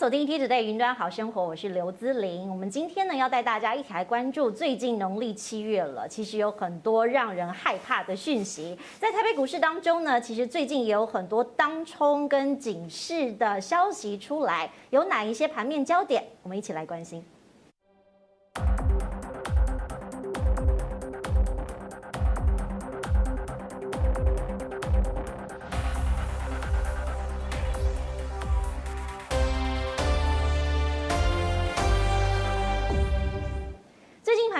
鎖定、so、Today 雲端好生活，我是劉姿麟。我們今天呢，要帶大家一起來關注最近農曆七月了。其實有很多讓人害怕的訊息，在台北股市當中呢，其實最近也有很多當沖跟警示的消息出來。有哪一些盤面焦點？我們一起來關心。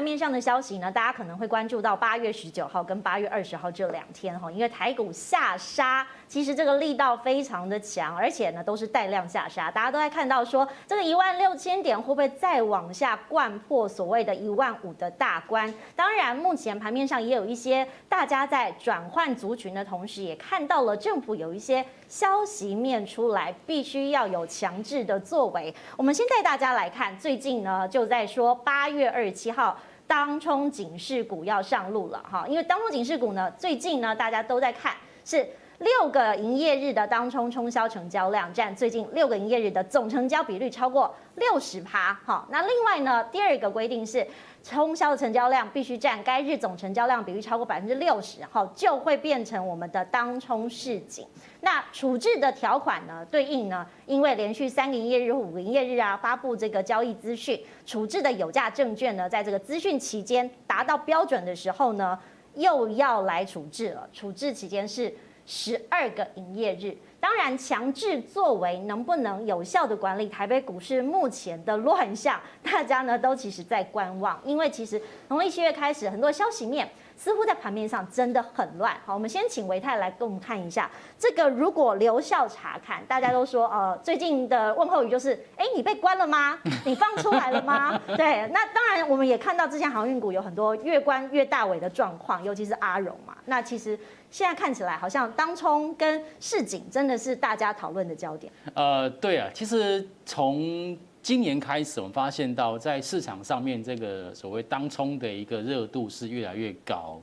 盤面上的消息呢，大家可能會關注到八月十九號跟八月二十號這兩天哈，因為台股下殺，其實這個力道非常的強，而且呢都是帶量下殺，大家都在看到說這個一萬六千點會不會再往下摜破所謂的一萬五的大關？當然，目前盤面上也有一些大家在轉換族群的同時，也看到了政府有一些消息面出來，必須要有強制的作為。我們先帶大家來看，最近呢就在說八月二十七號，當沖警示股要上路了哈，因為當沖警示股呢，最近呢大家都在看，是六個營業日的當沖沖銷成交量佔最近六個營業日的總成交比率超過六十趴哈。那另外呢，第二個規定是。沖銷的成交量必須占該日總成交量比率超過百分之六十後，就會變成我們的當沖市井。那處置的條款呢，對應呢，因為連續三個營業日或五個營業日啊，發佈這個交易資訊，處置的有價證券呢，在這個資訊期間達到標準的時候呢，又要來處置了，處置期間是十二個營業日。當然，強制作為能不能有效的管理台北股市目前的亂象，大家呢都其實在觀望，因為其實從一七月開始，很多消息面。似乎在盤面上真的很亂。好，我們先請維泰來跟我們看一下這個。如果留校查看，大家都說呃，最近的問候語就是：哎，你被關了嗎？你放出來了嗎？ 對，那當然我們也看到之前航運股有很多越關越大尾的狀況，尤其是阿榮嘛。那其實現在看起來好像當沖跟市井真的是大家討論的焦點。呃，對啊，其實從今年開始，我們發現到在市場上面，這個所謂當沖的一個熱度是越來越高。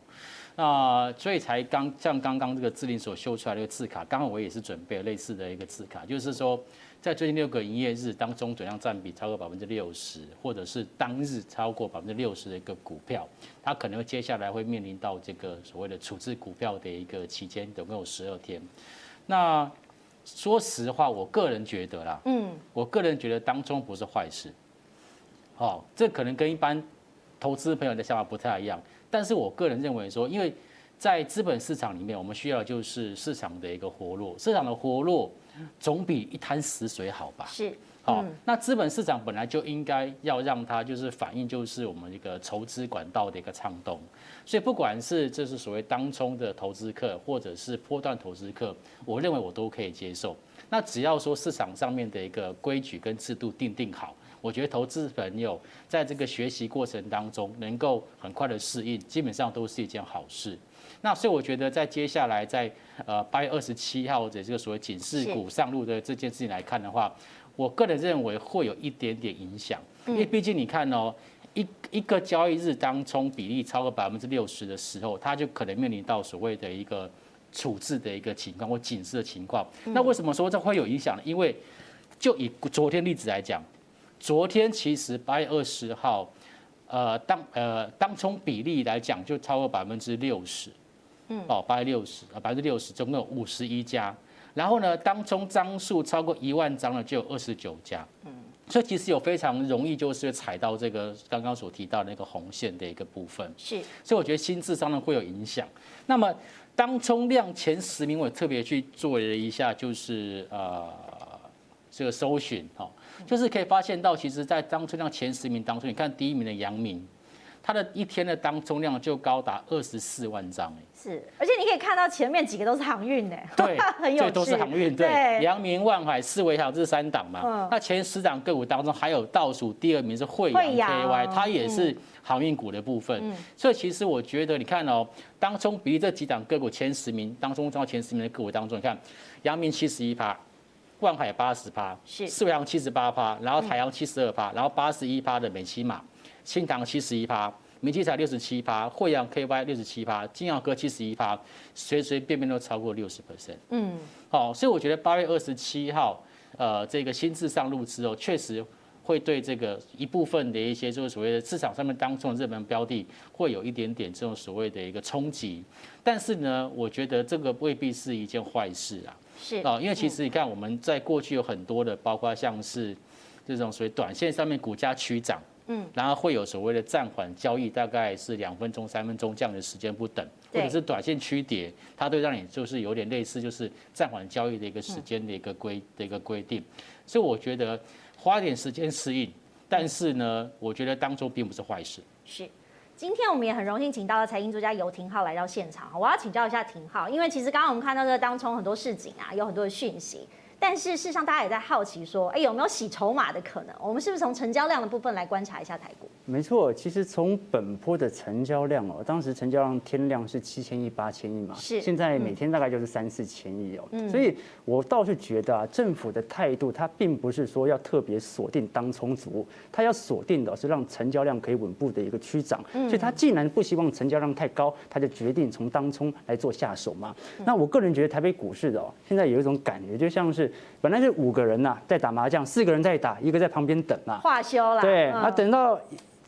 那所以才剛像剛剛這個證交所秀出來的字卡，剛好我也是準備了類似的一個字卡，就是說在最近六個營業日當中，轉量占比超過百分之六十，或者是當日超過百分之六十的一個股票，它可能接下來會面臨到這個所謂的處置股票的一個期間，總共有十二天。那說實話，我個人覺得啦，嗯，我個人覺得當中不是壞事，好，這可能跟一般投資朋友的想法不太一樣，但是我個人認為說，因為在資本市場裡面，我們需要的就是市場的一個活絡，市場的活絡總比一灘死水好吧？是。好，嗯、那資本市場本來就應該要讓它就是反映，就是我們一個籌資管道的一個暢通。所以不管是這是所謂當沖的投資客，或者是波段投資客，我認為我都可以接受。那只要說市場上面的一個規矩跟制度定定好，我覺得投資朋友在這個學習過程當中能夠很快的適應，基本上都是一件好事。那所以我覺得在接下來在呃八月二十七號的這個所謂警示股上路的這件事情來看的話，我個人認為會有一點點影響，因為畢竟你看哦，一一個交易日當沖比例超過百分之六十的時候，它就可能面臨到所謂的一個處置的一個情況或警示的情況。那為什麼說這會有影響呢？因為就以昨天例子來講，昨天其實八月二十號，呃當呃當沖比例來講就超過百分之六十，嗯，哦，八月六十啊，百分之六十，總共有五十一家。然後呢，當沖張數超過一萬張呢就有二十九家，嗯，所以其實有非常容易就是踩到這個剛剛所提到的那個紅線的一個部分。是，所以我覺得心智上呢會有影響。那麼，當沖量前十名，我也特別去做了一下，就是呃這個搜尋哈，就是可以發現到，其實，在當沖量前十名當中，你看第一名的陽明，它的一天的當沖量就高達二十四萬張，欸、是，而且你可以看到前面幾個都是航運的，對，很有趣都是航運，對，陽明、萬海、四維航這三檔嘛，嗯、那前十檔個股當中還有倒數第二名是慧洋 K Y，它也是航運股的部分，嗯嗯，所以其實我覺得你看哦、喔，當沖比如這幾檔個股前十名當中，佔到前十名的個股當中，你看陽明七十一趴，萬海八十趴，是，四維航七十八趴，然後台陽七十二趴，嗯、然後八十一趴的美琪瑪。新唐七十一趴，明基材六十七趴，慧洋 KY 六十七趴，金耀哥七十一趴，隨隨便便都超過六十 percent。嗯，好，所以我覺得八月二十七號，呃，這個新制上路之後，確實會對這個一部分的一些，就是所謂的市場上面當中的熱門標的，會有一點點這種所謂的一個衝擊。但是呢，我覺得這個未必是一件壞事啊。是啊，哦、因為其實你看我們在過去有很多的，包括像是這種所謂短線上面股價趨漲。嗯，然後會有所謂的暫緩交易，大概是兩分鐘、三分鐘這樣的時間不等，或者是短線區跌，它對讓你就是有點類似就是暫緩交易的一個時間的一個規的一個規定。所以我覺得花點時間適應，但是呢，我覺得當沖並不是壞事。是，今天我們也很榮幸請到了財經作家游庭皓來到現場。我要請教一下庭皓，因為其實剛剛我們看到這個當沖很多市井啊，有很多的訊息。但是事實上，大家也在好奇說，哎、欸，有沒有洗籌碼的可能？我們是不是從成交量的部分來觀察一下台股？沒錯，其實從本波的成交量哦，當時成交量天量是七千億、八千億嘛，是現在每天大概就是三四千億哦。嗯，所以，我倒是覺得啊，政府的態度他並不是說要特別鎖定當沖族，他要鎖定的是讓成交量可以穩步的一個趨漲、嗯、所以他既然不希望成交量太高，他就決定從當沖來做下手嘛。嗯、那我個人覺得台北股市的哦，現在有一種感覺，就像是本來是五個人吶、啊、在打麻將，四個人在打，一個在旁邊等啊。化消了。對啊，等到。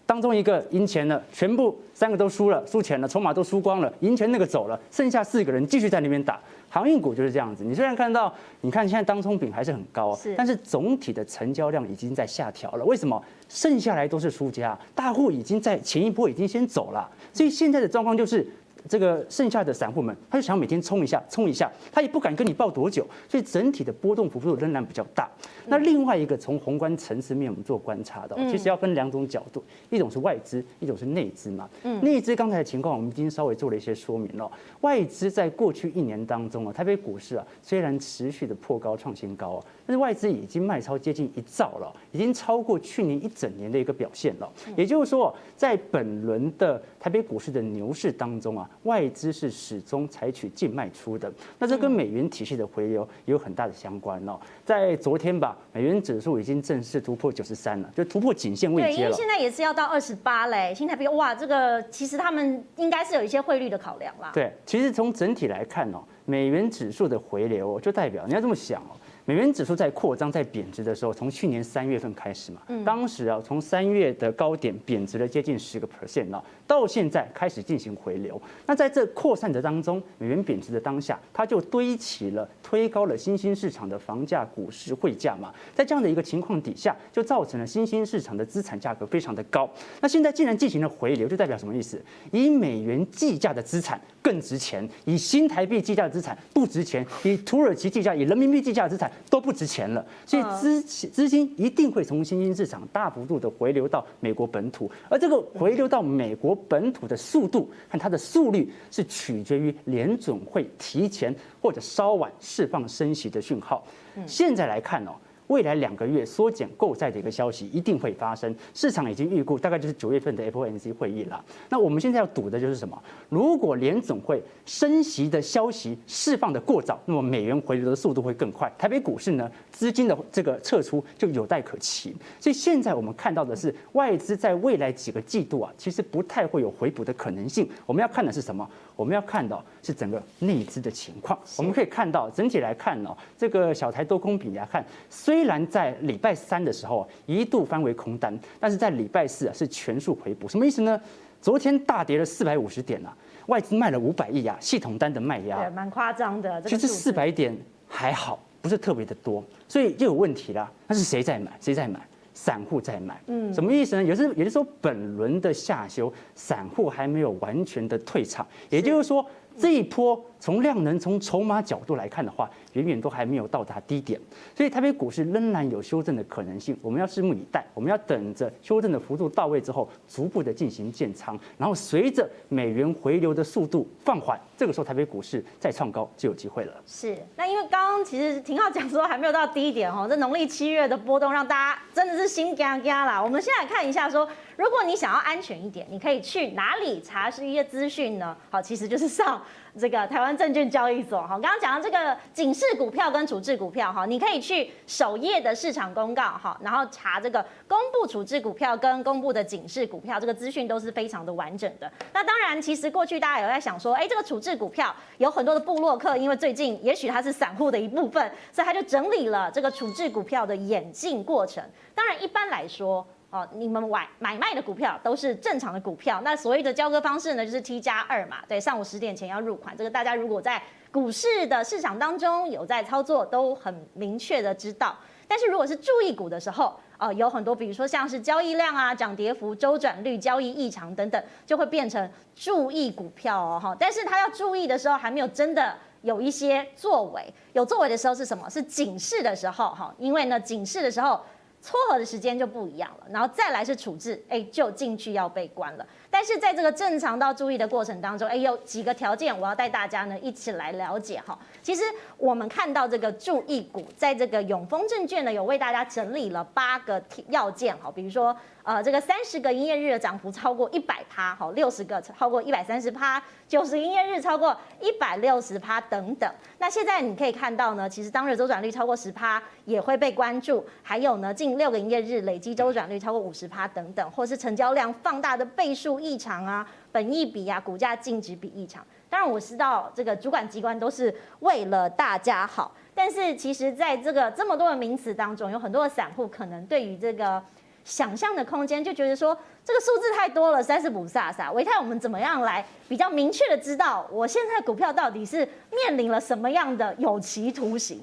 當中一個贏錢了，全部三個都輸了，輸錢了，籌碼都輸光了。贏錢那個走了，剩下四個人繼續在那邊打。航運股就是這樣子。你雖然看到，你看現在當沖比還是很高，是但是總體的成交量已經在下調了。為什麼？剩下來都是輸家，大戶已經在前一波已經先走了，所以現在的狀況就是。這個剩下的散戶們，他就想每天衝一下，衝一下，他也不敢跟你抱多久，所以整體的波動幅度仍然比較大。那另外一個從宏觀層次面，我們做觀察的，其實要分兩種角度，一種是外資，一種是內資嘛。內資剛才的情況，我們已經稍微做了一些說明了。外資在過去一年當中啊，台北股市啊，雖然持續的破高創新高啊，但是外資已經賣超接近一兆了。已經超過去年一整年的一個表現了。也就是說，在本輪的台北股市的牛市當中啊，外資是始終採取淨賣出的。那這跟美元體系的回流也有很大的相關哦。在昨天吧，美元指數已經正式突破九十三了，就突破頸線位置了。對，因為現在也是要到二十八嘞，新台幣哇，這個其實他們應該是有一些匯率的考量啦。對，其實從整體來看哦，美元指數的回流就代表你要這麼想哦。美元指數在擴張、在貶值的時候，從去年三月份開始嘛，嗯，當時啊，從三月的高點貶值了接近十個 percent 了。啊到現在開始進行回流，那在這擴散的當中，美元貶值的當下，它就堆起了、推高了新興市場的房價、股市、匯價嘛。在這樣的一個情況底下，就造成了新興市場的資產價格非常的高。那現在既然進行了回流，就代表什麼意思？以美元計價的資產更值錢，以新台幣計價的資產不值錢，以土耳其計價、以人民幣計價的資產都不值錢了。所以資資金一定會從新興市場大幅度的回流到美國本土，而這個回流到美國本土。嗯本土的速度和它的速率，是取決於聯準會提前或者稍晚釋放升息的訊號。現在來看呢、喔未來兩個月縮減購債的一個消息一定會發生，市場已經預估，大概就是九月份的 FOMC 會議了。那我們現在要賭的就是什麼？如果聯總會升息的消息釋放的過早，那麼美元回流的速度會更快，台北股市呢，資金的這個撤出就有待可期。所以現在我們看到的是，外資在未來幾個季度啊，其實不太會有回補的可能性。我們要看的是什麼？我們要看到是整個內資的情況。我們可以看到，整體來看呢，這個小台多空比來看，雖然在禮拜三的時候一度翻為空單，但是在禮拜四啊是全數回補。什麼意思呢？昨天大跌了四百五十點啊，外資賣了五百億啊，系統單的賣壓蠻誇張的。其實四百點還好，不是特別的多，所以就有問題了。那是誰在買？誰在買？散戶在買，嗯，什麼意思呢？也是，也就是說，本輪的下修，散戶還沒有完全的退場，也就是說，這一波。從量能、從籌碼角度來看的話，遠遠都還沒有到達低點，所以台北股市仍然有修正的可能性。我們要拭目以待，我們要等着修正的幅度到位之後，逐步的進行建倉，然後隨着美元回流的速度放緩，這個時候台北股市再創高就有機會了。是，那因為剛剛其實庭皓講說還沒有到低點哦，這農曆七月的波動讓大家真的是心驚驚啦。我們先來看一下說，說如果你想要安全一點，你可以去哪裡查一些資訊呢？好，其實就是上。這個台灣證券交易所哈，剛剛講到這個警示股票跟處置股票哈，你可以去首頁的市場公告哈，然後查這個公布處置股票跟公布的警示股票，這個資訊都是非常的完整的。那當然，其實過去大家有在想說，哎，這個處置股票有很多的部落客，因為最近也許它是散戶的一部分，所以他就整理了這個處置股票的演進過程。當然，一般來說。哦，你們買買賣的股票都是正常的股票，那所謂的交割方式呢，就是 T 加二嘛。對，上午十點前要入款，這個大家如果在股市的市場當中有在操作，都很明確的知道。但是如果是注意股的時候，呃，有很多，比如說像是交易量啊、漲跌幅、週轉率、交易異常等等，就會變成注意股票哦，哈。但是他要注意的時候，還沒有真的有一些作為，有作為的時候是什麼？是警示的時候，哈，因為呢，警示的時候。撮合的時間就不一樣了，然後再來是處置，哎、欸，就進去要被關了。但是在這個正常到注意的過程當中，哎、欸，有幾個條件，我要帶大家呢一起來了解哈。其實我們看到這個注意股，在這個永豐證券呢，有為大家整理了八個要件，哈，比如說，呃，這個三十個營業日的漲幅超過一百趴，好，六十個超過一百三十趴，九十營業日超過一百六十趴等等。那現在你可以看到呢，其實當日周轉率超過十趴也會被關注，還有呢，近六個營業日累計周轉率超過五十趴等等，或是成交量放大的倍數異常啊。本益比啊，股價淨值比異常。當然我知道這個主管機關都是為了大家好，但是其實在這個這麼多的名詞當中，有很多的散戶可能對於這個想象的空間，就覺得說這個數字太多了，實在是不颯颯。唯泰，我們怎麼樣來比較明確的知道我現在股票到底是面臨了什麼樣的有期徒刑？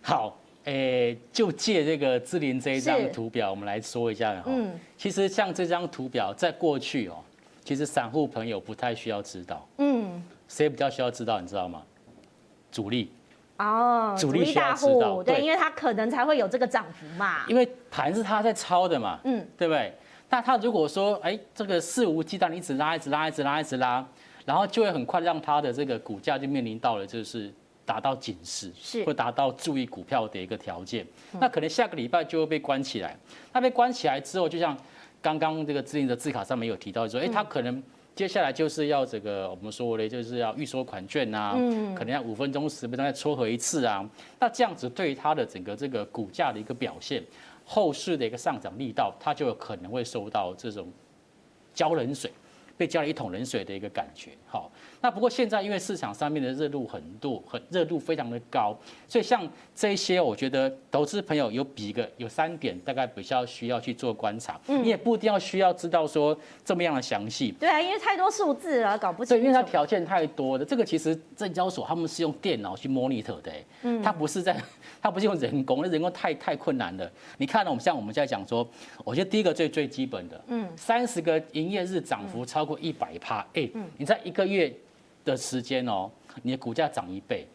好，誒、欸，就借這個姿麟這一張圖表，是我們來說一下哈。嗯，其實像這張圖表，在過去哦。其實散戶朋友不太需要知道，嗯，誰比較需要知道，你知道嗎？主力，哦，主力需要知道，對，因為他可能才會有這個漲幅嘛，嗯、因為盤是他在抄的嘛，嗯，對不對？那他如果說，哎，這個肆無忌憚的一直拉，一直拉，一直拉，一直拉，然後就會很快讓他的這個股價就面臨到了，就是達到警示，是，會達到注意股票的一個條件，那可能下個禮拜就會被關起來。那被關起來之後，就像。剛剛這個制定的字卡上面有提到說，哎，他可能接下來就是要這個我們說的，就是要預收款券啊，可能要五分鐘十分鐘再撮合一次啊。那這樣子對於它的整個這個股價的一個表現，後市的一個上漲力道，它就有可能會受到這種澆冷水，被澆了一桶冷水的一個感覺。好，那不過現在因為市場上面的熱度很多，很熱度非常的高，所以像這些，我覺得投資朋友有比個有三點，大概比較需要去做觀察。嗯，你也不一定要需要知道說這麼樣的詳細。對啊，因為太多數字了，搞不清楚。因為它條件太多的，這個其實證交所他們是用電腦去 monitor 的，哎，嗯，它不是在，它不是用人工，人工太太困難了。你看，我們像我們現在講說，我覺得第一個最最基本的，嗯，三十個營業日漲幅超過一百趴，哎，嗯，你在一個。個月的時間哦，你的股價漲一倍，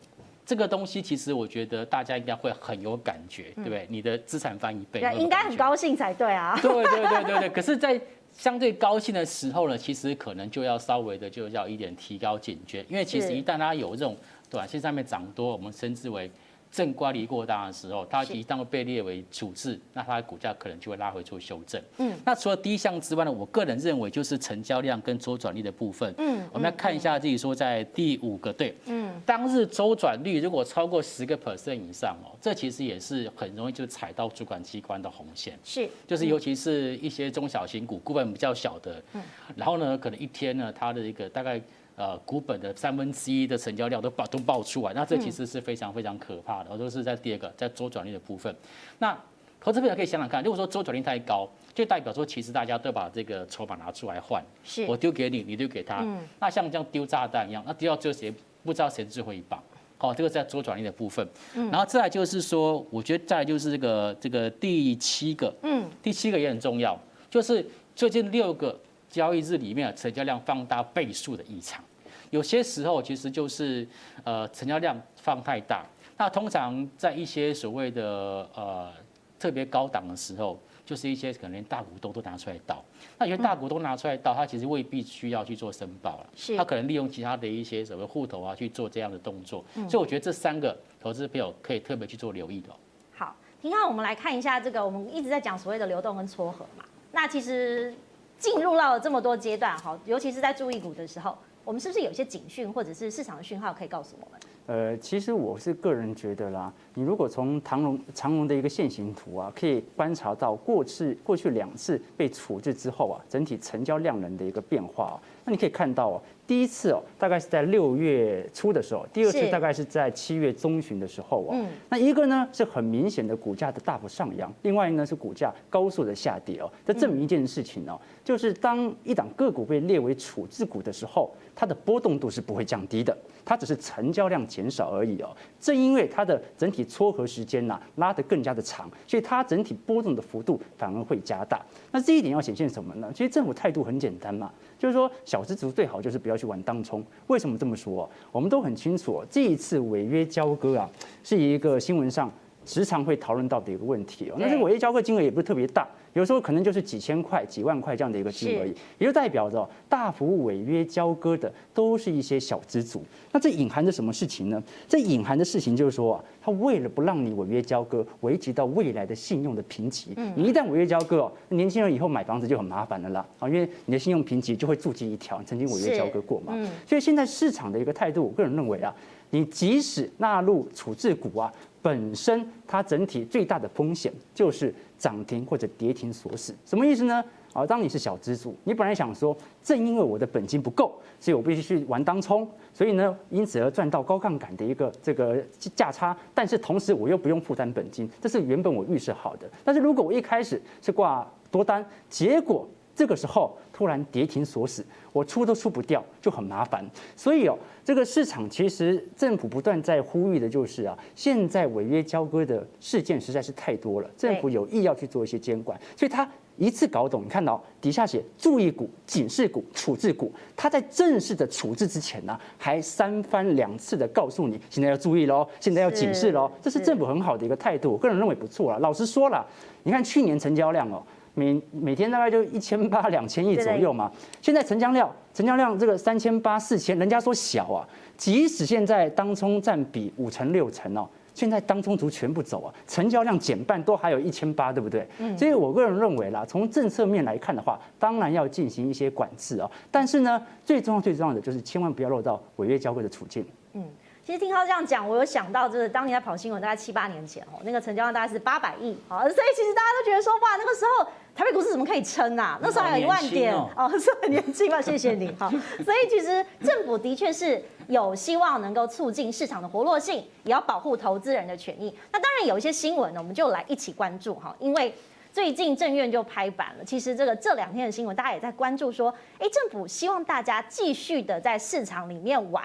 這個東西其實我覺得大家應該會很有感覺，嗯、對不對？你的資產翻一倍，對有有應該很高興才對啊。對對對對對。 可是，在相對高興的時候呢，其實可能就要稍微的就要一點提高警覺，因為其實一旦它有這種短、啊、線上面漲多，我們稱之為。正乖離過大的時候，它一旦被列為處置，是那它的股價可能就會拉回做修正。嗯，那除了第一項之外呢，我個人認為就是成交量跟周轉率的部分。嗯，嗯嗯我們要看一下自己說在第五個對，嗯，當日周轉率如果超過十個 percent 以上哦、喔，這其實也是很容易就踩到主管機關的紅線。是，就是尤其是一些中小型股股本比較小的，嗯，然後呢，可能一天呢，它的一個大概。呃，股本的三分之一的成交量都爆都爆出來，那這其實是非常非常可怕的，都、嗯、是在第二個在周轉率的部分。那投資者可以想想看，如果說周轉率太高，就代表說其實大家都把這個籌碼拿出來換，是我丟給你，你丟給他，嗯、那像這樣丟炸彈一樣，那丟到最後誰不知道誰是最後一棒。好、哦，這個在周轉率的部分。嗯、然後再來就是說，我覺得再來就是這個這個第七個，嗯，第七個也很重要，就是最近六個交易日裡面的成交量放大倍數的異常。有些時候其實就是，呃，成交量放太大。那通常在一些所謂的呃特別高檔的時候，就是一些可能連大股東都拿出來倒。那有些大股東拿出來倒，他其實未必需要去做申報了，他可能利用其他的一些什麼戶頭啊去做這樣的動作。所以我覺得這三個投資朋友可以特別去做留意的、哦。嗯、好，庭皓，我們來看一下這個，我們一直在講所謂的流動跟撮合嘛。那其實進入到了這麼多階段哈，尤其是在注意股的時候。我們是不是有一些警訊，或者是市場的訊號可以告訴我們？呃，其實我是個人覺得啦，你如果從長榮長榮的一個線形圖啊，可以觀察到過去過去兩次被處置之後啊，整體成交量能的一個變化啊，那你可以看到啊。第一次哦，大概是在六月初的時候；第二次大概是在七月中旬的時候哦，是嗯、那一個呢是很明顯的股價的大幅上揚，另外一個呢是股價高速的下跌哦。這證明一件事情哦，就是當一檔個股被列為處置股的時候，它的波動度是不會降低的，它只是成交量減少而已哦。正因為它的整體撮合時間呢拉，拉得更加的長，所以它整體波動的幅度反而會加大。那這一點要顯現什麼呢？其實政府態度很簡單嘛。就是說，小資族最好就是不要去玩當沖。為什麼這麼說？我們都很清楚，這一次違約交割啊，是一個新聞上時常會討論到的一個問題哦。那這個違約交割金額也不是特別大。有時候可能就是幾千塊、幾萬塊這樣的一個金額而已，也就代表着大幅違約交割的都是一些小資族。那這隱含着什麼事情呢？這隱含的事情就是說、啊，他為了不讓你違約交割，危及到未來的信用的評級。你一旦違約交割哦，年輕人以後買房子就很麻煩了啦。因為你的信用評級就會註記一條，曾經違約交割過嘛。所以現在市場的一個態度，我個人認為啊，你即使納入處置股啊。本身它整體最大的風險就是漲停或者跌停鎖死，什麼意思呢？啊，當你是小資族，你本來想說，正因為我的本金不夠，所以我必須去玩當沖，所以呢，因此而賺到高槓桿的一個這個價差，但是同時我又不用負擔本金，這是原本我預設好的。但是如果我一開始是掛多單，結果。這個時候突然跌停鎖死，我出都出不掉，就很麻煩。所以哦，這個市場其實政府不斷在呼籲的，就是啊，現在違約交割的事件實在是太多了，政府有意要去做一些監管。所以他一次搞懂，你看到、哦、底下寫注意股、警示股、處置股，他在正式的處置之前呢、啊，還三番兩次的告訴你，現在要注意嘍，現在要警示嘍，這是政府很好的一個態度。我個人認為不錯了、啊。老實說了，你看去年成交量哦。每每天大概就一千八兩千億左右嘛。現在成交量，成交量這個三千八四千，人家說小啊。即使現在當沖占比五成六成哦、啊，現在當沖族全部走啊，成交量減半都還有一千八，對不對？嗯。所以我個人認為啦，從政策面來看的話，當然要進行一些管制啊。但是呢，最重要最重要的就是千萬不要落到違約交割的處境。嗯。其實聽他這樣講，我有想到，就是當年在跑新聞，大概七八年前哦，那個成交量大概是八百億，好，所以其實大家都覺得說，哇，那個時候台北股市怎麼可以撐啊？哦、那時候還有一萬點哦，是很年輕吧。謝謝你哈。所以其實政府的確是有希望能夠促進市場的活絡性，也要保護投資人的權益。那當然有一些新聞呢，我們就來一起關注哈，因為最近政院就拍板了。其實這個這兩天的新聞，大家也在關注說，哎，政府希望大家繼續的在市場裡面玩。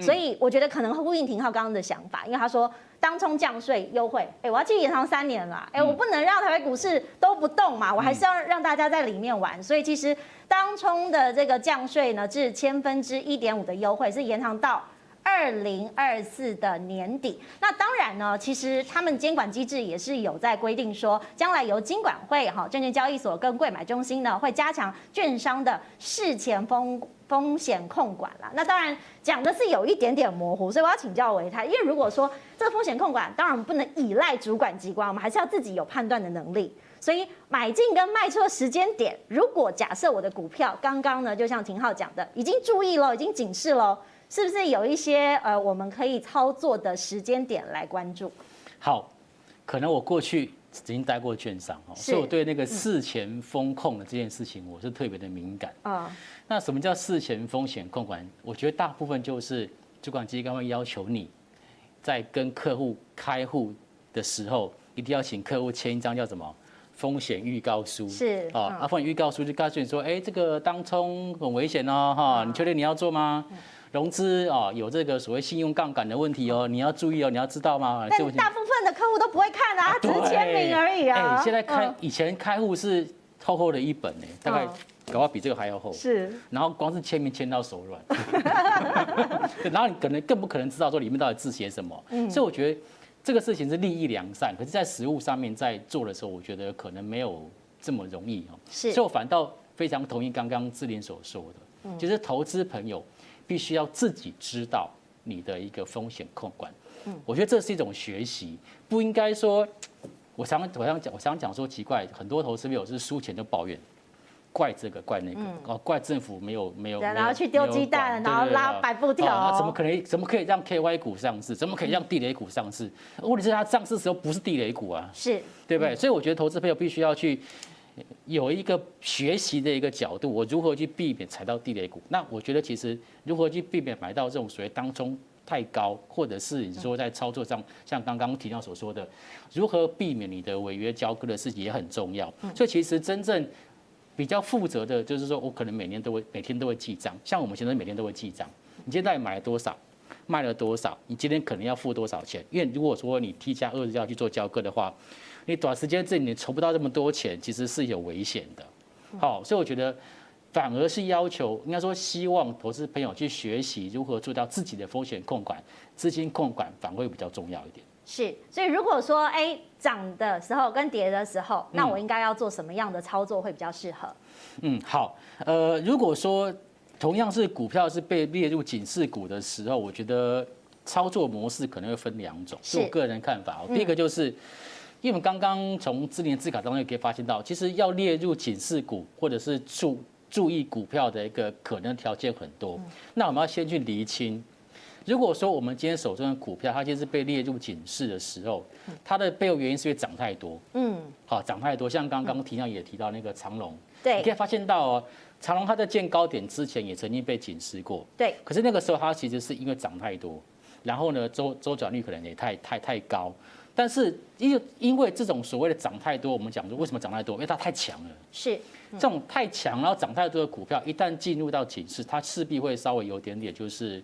所以我覺得可能會呼應庭皓剛剛的想法，因為他說當沖降稅優惠，欸，我要去延長三年了，欸，我不能讓台北股市都不動嘛，我還是要讓大家在裡面玩。所以其實當沖的這個降稅呢，是千分之一點五的優惠，是延長到二零二四的年底。那當然呢，其實他們監管機制也是有在規定說，將來由金管會、哈證券交易所跟櫃買中心呢，會加強券商的事前風風險控管啦。那當然。講的是有一點點模糊，所以我要請教唯泰。因為如果說這個風險控管，當然我們不能依賴主管機關，我們還是要自己有判斷的能力。所以買進跟賣出的時間點，如果假設我的股票剛剛呢，就像庭皓講的，已經注意了，已經警示了，是不是有一些呃我們可以操作的時間點來關注？好，可能我過去已經待過券商哦，是 所以我對那個事前風控的這件事情，我是特別的敏感啊。嗯嗯那什麼叫事前風險控管？我覺得大部分就是主管機剛剛要求你在跟客戶開戶的時候，一定要請客戶簽一張叫什麼風險預告書。是、嗯、啊，啊風險預告書就告訴你說，哎、欸，這個當中很危險哦，哈，你確定你要做嗎？融資哦、啊，有這個所謂信用槓桿的問題哦，你要注意哦，你要知道嗎？但大部分的客戶都不會看啊，啊他只簽名而已啊。啊對欸欸、現在開、嗯、以前開戶是厚厚的一本呢、欸，大概、嗯。搞到比這個還要厚，是。然後光是簽名簽到手軟， 然後你可能更不可能知道說裡面到底字寫什麼。嗯。所以我覺得這個事情是立意良善，可是，在實務上面在做的時候，我覺得可能沒有這麼容易是。所以我反倒非常同意剛剛姿麟所說的，其實投資朋友必須要自己知道你的一個風險控管。嗯。我覺得這是一種學習，不應該說，我想我想講我想講說奇怪，很多投資朋友是輸錢就抱怨。怪這個怪那個哦，嗯、怪政府沒有沒有，然後去丟雞蛋，然後拉白布條，怎麼可能？怎麼可以讓 K Y 股上市？怎麼可以讓地雷股上市？問題是它上市時候不是地雷股啊，是對不對？所以我覺得投資朋友必須要去有一個學習的一個角度，我如何去避免踩到地雷股？那我覺得其實如何去避免買到這種所謂當沖太高，或者是你說在操作上，像剛剛提到所說的，如何避免你的違約交割的事情也很重要。所以其實真正。比較負責的，就是說我可能每年都會每天都會記賬，像我們現在每天都會記賬，你今天到底買了多少，賣了多少，你今天可能要付多少錢？因為如果說你 T 加二要去做交割的話，你短時間內你籌不到這麼多錢，其實是有危險的。好，所以我覺得反而是要求，應該說希望投資朋友去學習如何做到自己的風險控管、資金控管，反而會比較重要一點。是，所以如果說哎。漲的時候跟跌的時候，那我應該要做什麼樣的操作會比較適合？嗯，好，呃，如果說同樣是股票是被列入警示股的時候，我覺得操作模式可能會分兩種，是我個人看法。第一個就是、嗯、因為剛剛從資料字卡當中也可以發現到，其實要列入警示股或者是注注意股票的一個可能條件很多，嗯、那我們要先去釐清。如果說我們今天手中的股票，它其實是被列入警示的時候，它的背後原因是因為漲太多。嗯，好，漲太多，像剛剛提到也提到那個長龍，對，你可以發現到哦，長龍它在建高點之前也曾經被警示過，對，可是那個時候它其實是因為漲太多，然後呢，周周轉率可能也太太太高，但是因因為這種所謂的漲太多，我們講說為什麼漲太多，因為它太強了，是。這種太強，然後漲太多的股票，一旦進入到警示，它勢必會稍微有點點，就是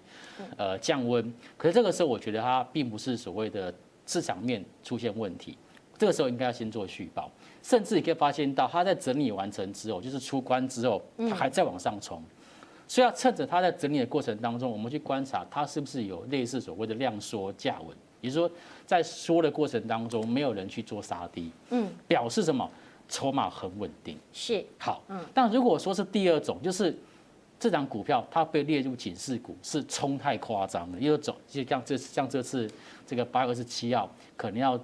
呃降溫。可是這個時候，我覺得它並不是所謂的市場面出現問題。這個時候應該要先做續抱，甚至你可以發現到它在整理完成之後，就是出關之後，它還在往上衝。所以要趁着它在整理的過程當中，我們去觀察它是不是有類似所謂的量縮價穩，也就是說在縮的過程當中，沒有人去做殺低，嗯，表示什麼？籌碼很穩定，是好，嗯，但如果說是第二種，就是這張股票它被列入警示股，是衝太誇張了，因為走就像這像這次這個八月二十七號，可能要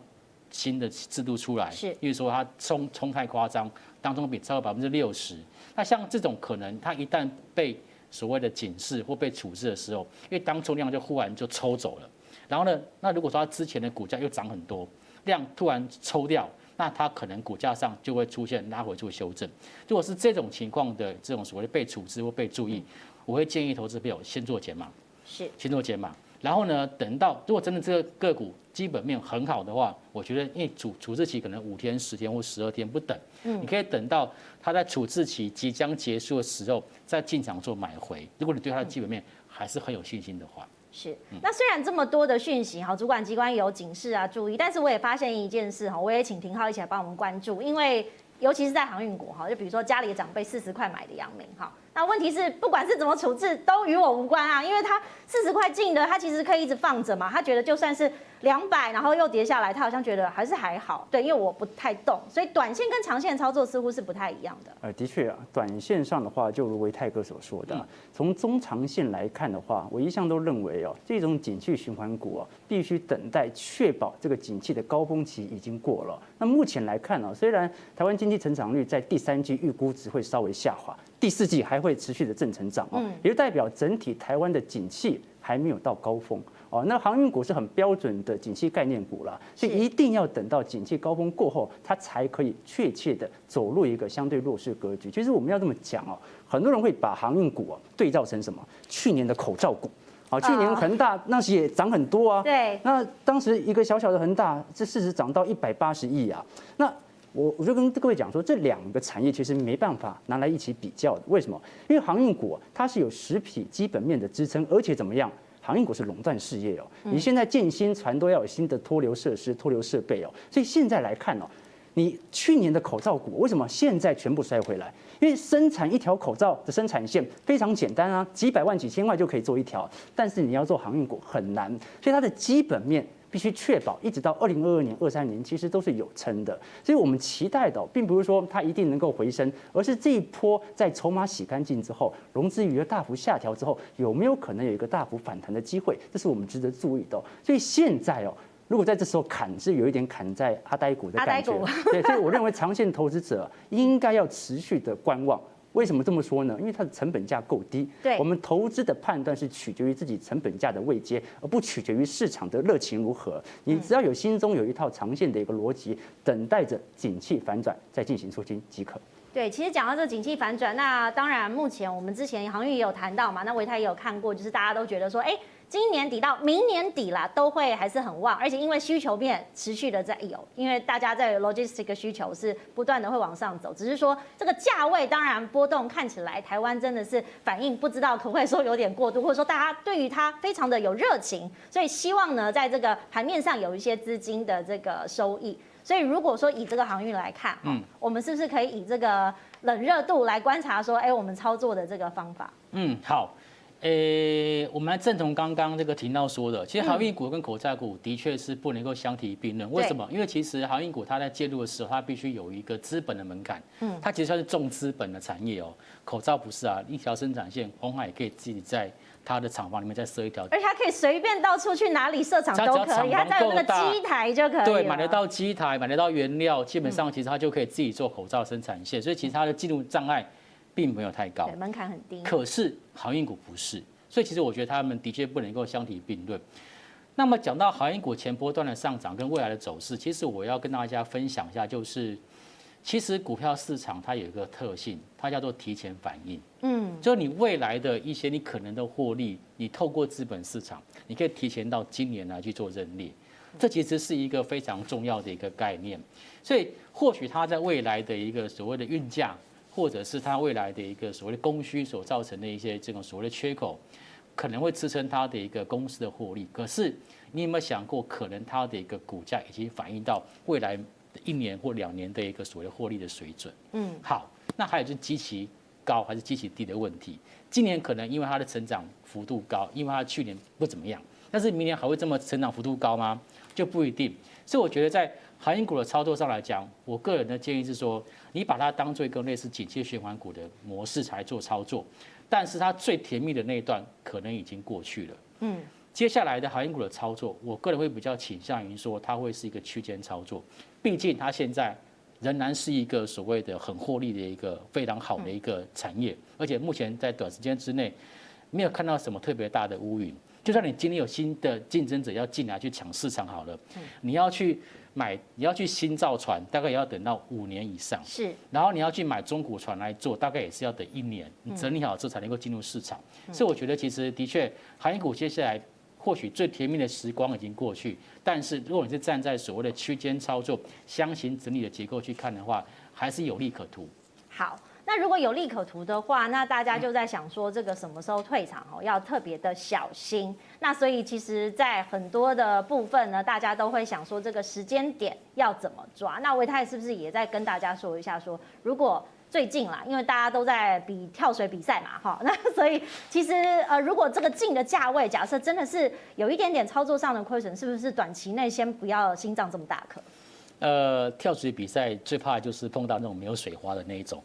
新的制度出來，是，因為說它冲衝太誇張，當沖比超過百分之六十，那像這種可能它一旦被所謂的警示或被處置的時候，因為當沖量就忽然就抽走了，然後呢，那如果說它之前的股價又漲很多，量突然抽掉。那它可能股價上就會出現拉回做修正。如果是這種情況的這種所謂的被處置或被注意，我會建議投資朋友先做減碼，是先做減碼。然後呢，等到如果真的這個個股基本面很好的話，我覺得因為處處置期可能五天、十天或十二天不等，你可以等到它在處置期即將結束的時候再進場做買回。如果你對它的基本面還是很有信心的話。是，那雖然這麼多的訊息哈，主管機關有警示啊，注意，但是我也發現一件事哈，我也請庭皓一起來幫我們關注，因為尤其是在航運股哈，就比如說家裡的長輩四十塊買的陽明哈。那問題是，不管是怎麼處置，都與我無關啊，因為他四十塊進的，他其實可以一直放着嘛。他覺得就算是兩百，然後又跌下來，他好像覺得還是還好。對，因為我不太動，所以短線跟長線操作似乎是不太一樣的。呃，的確啊，短線上的話，就如唯泰哥所說的、啊，從中長線來看的話，我一向都認為哦、喔，這種景氣循環股啊、喔，必須等待確保這個景氣的高峰期已經過了。那目前來看啊、喔，雖然台灣經濟成長率在第三季預估值會稍微下滑。第四季還會持續的正成長哦，也就代表整體台灣的景氣還沒有到高峰哦。那航運股是很標準的景氣概念股了，所以一定要等到景氣高峰過後，它才可以確切的走入一個相對弱勢格局。其實我們要這麼講哦，很多人會把航運股啊對照成什麼？去年的口罩股啊，去年恆大那時也漲很多啊。對，那當時一個小小的恆大，這市值漲到一百八十億啊。那我我就跟各位講說，這兩個產業其實沒辦法拿來一起比較的，為什麼？因為航運股它是有實體基本面的支撐，而且怎麼樣？航運股是壟斷事業哦，你現在建新船都要有新的脫硫設施、脫硫設備哦，所以現在來看哦，你去年的口罩股為什麼現在全部摔回來？因為生產一條口罩的生產線非常簡單啊，幾百萬、幾千萬就可以做一條，但是你要做航運股很難，所以它的基本面。必須確保一直到二零二二年、二三年，其實都是有撐的。所以，我們期待的，並不是說它一定能夠回升，而是這一波在籌碼洗乾淨之後，融資餘額大幅下調之後，有沒有可能有一個大幅反彈的機會，這是我們值得注意的。所以，現在哦，如果在這時候砍，是有一點砍在阿呆股的感覺。阿呆股，對，所以我認為長線投資者應該要持續的觀望。為什麼這麼說呢？因為它的成本價夠低。對，我們投資的判斷是取決於自己成本價的位階，而不取決於市場的熱情如何。你只要有心中有一套長線的一個邏輯，嗯、等待着景氣反轉再進行出金即可。對，其實講到這個景氣反轉，那當然目前我們之前航運也有談到嘛，那唯泰也有看過，就是大家都覺得說，哎、欸。今年底到明年底啦，都會還是很旺，而且因為需求變持續的在有，因為大家在 logistic 需求是不斷的會往上走，只是說這個價位當然波動看起來，台灣真的是反應不知道可不可以說有點過度，或者說大家對於它非常的有熱情，所以希望呢，在這個盤面上有一些資金的這個收益。所以如果說以這個航運來看，嗯，我們是不是可以以這個冷熱度來觀察說，哎，我們操作的這個方法，嗯，好。誒，欸、我們正同剛剛這個提到說的，其實航運股跟口罩股的確是不能夠相提並論。為什麼？因為其實航運股它在介入的時候，它必須有一個資本的門檻。嗯，它其實算是重資本的產業哦。口罩不是啊，一條生產線，鴻海也可以自己在它的廠房裡面再設一條，而且它可以隨便到處去哪裡設廠都可以。它在那個機台就可以。對，買得到機台，買得到原料，基本上其實它就可以自己做口罩生產線。所以其實它的進入障礙並沒有太高，門檻很低。可是航運股不是，所以其實我覺得他們的確不能夠相提並論。那麼講到航運股前波段的上漲跟未來的走勢，其實我要跟大家分享一下，就是其實股票市場它有一個特性，它叫做提前反應。嗯，就是你未來的一些你可能的獲利，你透過資本市場，你可以提前到今年來去做認列。這其實是一個非常重要的一個概念。所以或許它在未來的一個所謂的運價。或者是它未來的一個所謂的供需所造成的一些這種所謂的缺口，可能會支撐它的一個公司的獲利。可是你有沒有想過，可能它的一個股價已經反映到未來的一年或兩年的一個所謂的獲利的水準？嗯，好，那還有就是極其基期高還是基期低的問題。今年可能因為它的成長幅度高，因為它去年不怎麼樣，但是明年還會這麼成長幅度高嗎？就不一定。所以我覺得在。航運股的操作上來講，我個人的建議是說，你把它當作一個類似景氣循環股的模式才來做操作，但是它最甜蜜的那一段可能已經過去了。嗯，接下來的航運股的操作，我個人會比較傾向於說，它會是一個區間操作，畢竟它現在仍然是一個所謂的很獲利的一個非常好的一個產業，而且目前在短時間之內沒有看到什麼特別大的烏雲。就算你今天有新的競爭者要進來去搶市場，好了，你要去。買你要去新造船，大概也要等到五年以上。是，然後你要去買中古船來做，大概也是要等一年。你整理好之後才能夠進入市場。嗯、所以我覺得，其實的確，航運股接下來或許最甜蜜的時光已經過去。但是如果你是站在所謂的區間操作、箱型整理的結構去看的話，還是有利可圖。好。那如果有利可圖的話，那大家就在想說這個什麼時候退場哦，要特別的小心。那所以其實，在很多的部分呢，大家都會想說這個時間點要怎麼抓。那唯泰是不是也在跟大家說一下說，說如果最近啦，因為大家都在比跳水比賽嘛哈，那所以其實呃，如果這個近的價位，假設真的是有一點點操作上的虧損，是不是短期內先不要心臟這麼大顆？呃，跳水比賽最怕就是碰到那種沒有水花的那一種。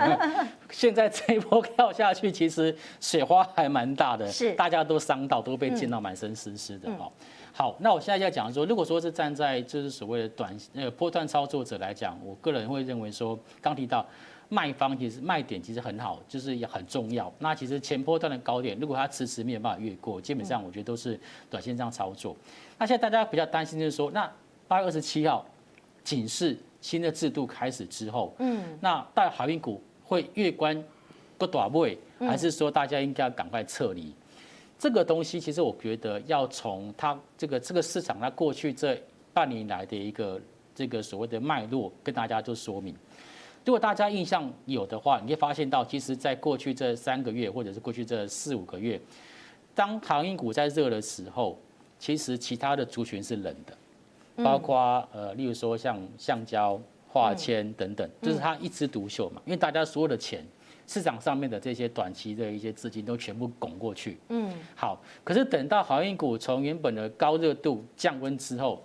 現在這一波跳下去，其實水花還蠻大的，是大家都傷到，都被濺到滿身濕濕的。好、嗯，好，那我現在要講說，如果說是站在就是所謂的短那個波段操作者來講，我個人會認為說，剛提到賣方其實賣點其實很好，就是也很重要。那其實前波段的高點，如果它遲遲沒有辦法越過，基本上我覺得都是短線上操作。嗯、那現在大家比較擔心就是說，那八月二十七號。警示新的制度開始之後，嗯，嗯，那但航運股會越關不短位，還是說大家應該要趕快撤離？這個東西其實我覺得要從它這個這個市場它過去這半年來的一個這個所謂的脈絡跟大家做說明。如果大家印象有的話，你會發現到其實，在過去這三個月或者是過去這四五個月，當航運股在熱的時候，其實其他的族群是冷的。包括呃，例如說像橡膠、化纖等等，嗯嗯、就是它一枝獨秀嘛，因為大家所有的錢，市場上面的這些短期的一些資金都全部拱過去。嗯，好，可是等到航運股從原本的高熱度降溫之後，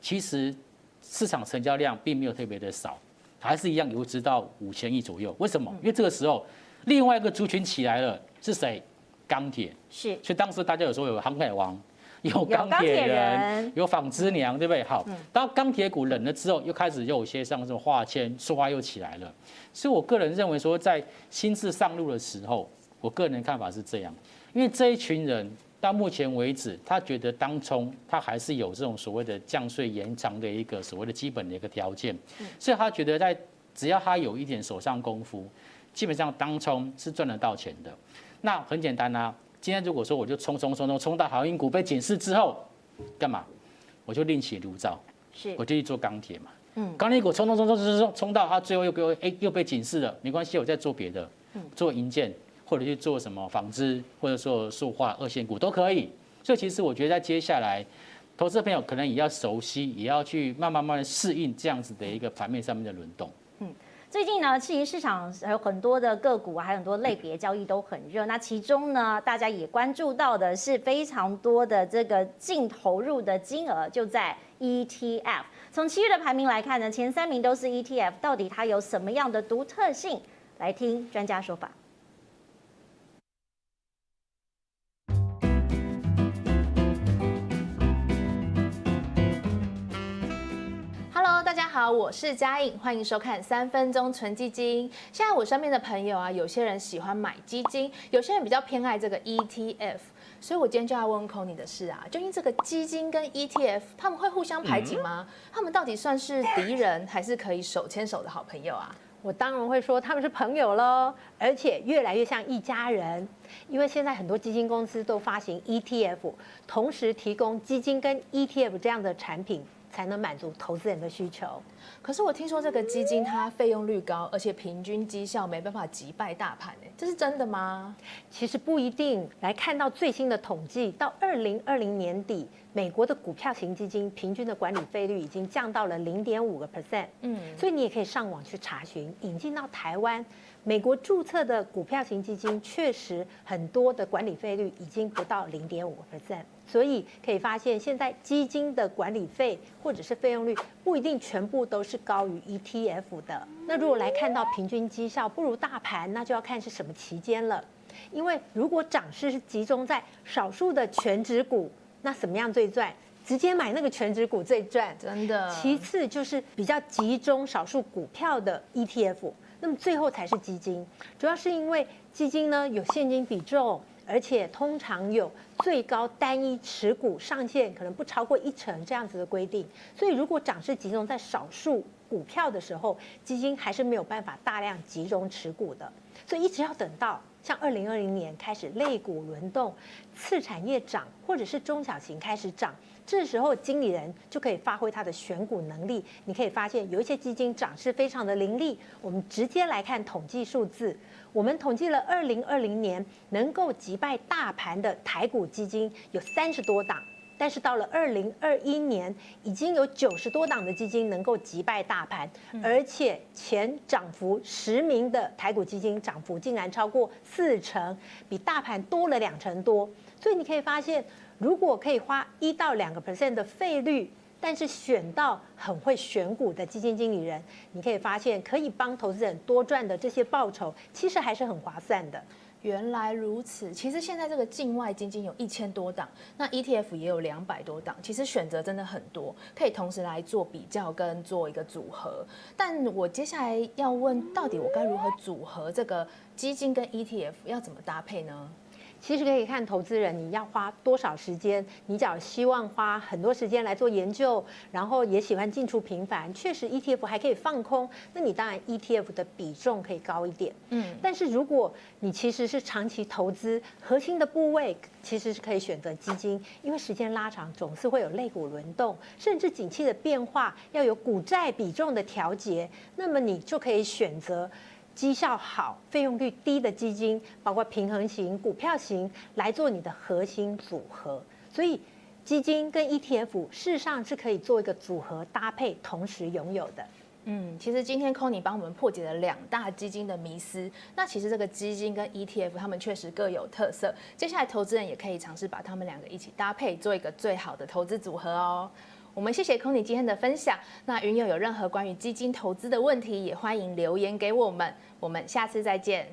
其實市場成交量並沒有特別的少，還是一樣游資到五千億左右。為什麼？因為這個時候另外一個族群起來了，是誰？鋼鐵。是。所以當時大家有時候有“航海王”。有鋼鐵人，有紡織娘，對不對？好，當鋼鐵股冷了之後，又開始又有一些像這種化纖、塑化又起來了。所以，我個人認為說，在新制上路的時候，我個人的看法是這樣，因為這一群人到目前為止，他覺得當沖他還是有這種所謂的降稅延長的一個所謂的基本的一個條件，所以他覺得在只要他有一點手上功夫，基本上當沖是賺得到錢的。那很簡單啊。今天如果說我就衝衝衝衝衝到航運股被警示之後，幹嘛？我就另起爐灶，是，我就去做鋼鐵嘛。嗯，鋼鐵股衝衝衝衝衝衝到它最後又給我哎，又被警示了，沒關係，我再做別的，做營建或者去做什麼紡織或者做塑化二線股都可以。所以其實我覺得在接下來，投資的朋友可能也要熟悉，也要去慢慢慢慢的適應這樣子的一個盤面上面的輪動。最近呢，其實市場還有很多的個股，還有很多類別交易都很熱。那其中呢，大家也關注到的是非常多的這個淨投入的金額就在 ETF。從七月的排名來看呢，前三名都是 ETF。到底它有什麼樣的獨特性？來聽專家說法。大家好，我是嘉穎，歡迎收看三分鐘存基金。現在我身邊的朋友啊，有些人喜歡買基金，有些人比較偏愛這個 ETF，所以我今天就要問問 c o 的事啊，究竟這個基金跟 ETF，他們會互相排擠嗎？嗯、他們到底算是敵人，還是可以手牽手的好朋友啊？我當然會說他們是朋友嘍，而且越來越像一家人，因為現在很多基金公司都發行 ETF，同時提供基金跟 ETF 這樣的產品才能滿足投資人的需求。可是我聽說這個基金它費用率高，而且平均績效沒辦法擊敗大盤，哎，這是真的嗎？其實不一定。來看到最新的統計，到二零二零年底，美國的股票型基金平均的管理費率已經降到了零點五個 percent。嗯，所以你也可以上網去查詢，引進到台灣，美國注冊的股票型基金確實很多的管理費率已經不到零點五個 percent。所以可以發現，現在基金的管理費或者是費用率不一定全部都是高於 ETF 的。那如果來看到平均績效不如大盤，那就要看是什麼期間了。因為如果漲勢是集中在少數的權值股，那什麼樣最賺？直接買那個權值股最賺，真的。其次就是比較集中少數股票的 ETF，那麼最後才是基金。主要是因為基金呢有現金比重。而且通常有最高單一持股上限，可能不超過一成這樣子的規定。所以如果漲勢集中在少數股票的時候，基金還是沒有辦法大量集中持股的。所以一直要等到像二零二零年開始，類股輪動，次產業漲，或者是中小型開始漲，這時候經理人就可以發揮他的選股能力。你可以發現有一些基金漲勢非常的凌厲。我們直接來看統計數字。我們統計了二零二零年，能夠擊敗大盤的台股基金有三十多檔，但是到了二零二一年，已經有九十多檔的基金能夠擊敗大盤，而且前漲幅十名的台股基金漲幅竟然超過四成，比大盤多了兩成多。所以你可以發現，如果可以花一到兩個 percent 的費率。但是選到很會選股的基金經理人，你可以發現可以幫投資人多賺的這些報酬，其實還是很划算的。原來如此，其實現在這個境外基金有一千多檔，那 ETF 也有兩百多檔，其實選擇真的很多，可以同時來做比較跟做一個組合。但我接下來要問，到底我該如何組合這個基金跟 ETF，要怎麼搭配呢？其實可以看投資人你要花多少時間，你只要希望花很多時間來做研究，然後也喜歡進出頻繁。確實 ETF 還可以放空，那你當然 ETF 的比重可以高一點。嗯，但是如果你其實是長期投資，核心的部位其實是可以選擇基金，因為時間拉長，總是會有類股輪動，甚至景氣的變化，要有股債比重的調節，那麼你就可以選擇。績效好、費用率低的基金，包括平衡型、股票型來做你的核心組合，所以基金跟 ETF 事實上是可以做一個組合搭配，同時擁有的。嗯，其實今天 Conny 幫我們破解了兩大基金的迷思，那其實這個基金跟 ETF 他們確實各有特色，接下來投資人也可以嘗試把他們兩個一起搭配，做一個最好的投資組合哦。我們謝謝 Conny 今天的分享，那雲友有任何關於基金投資的問題，也歡迎留言給我們。我們下次再見。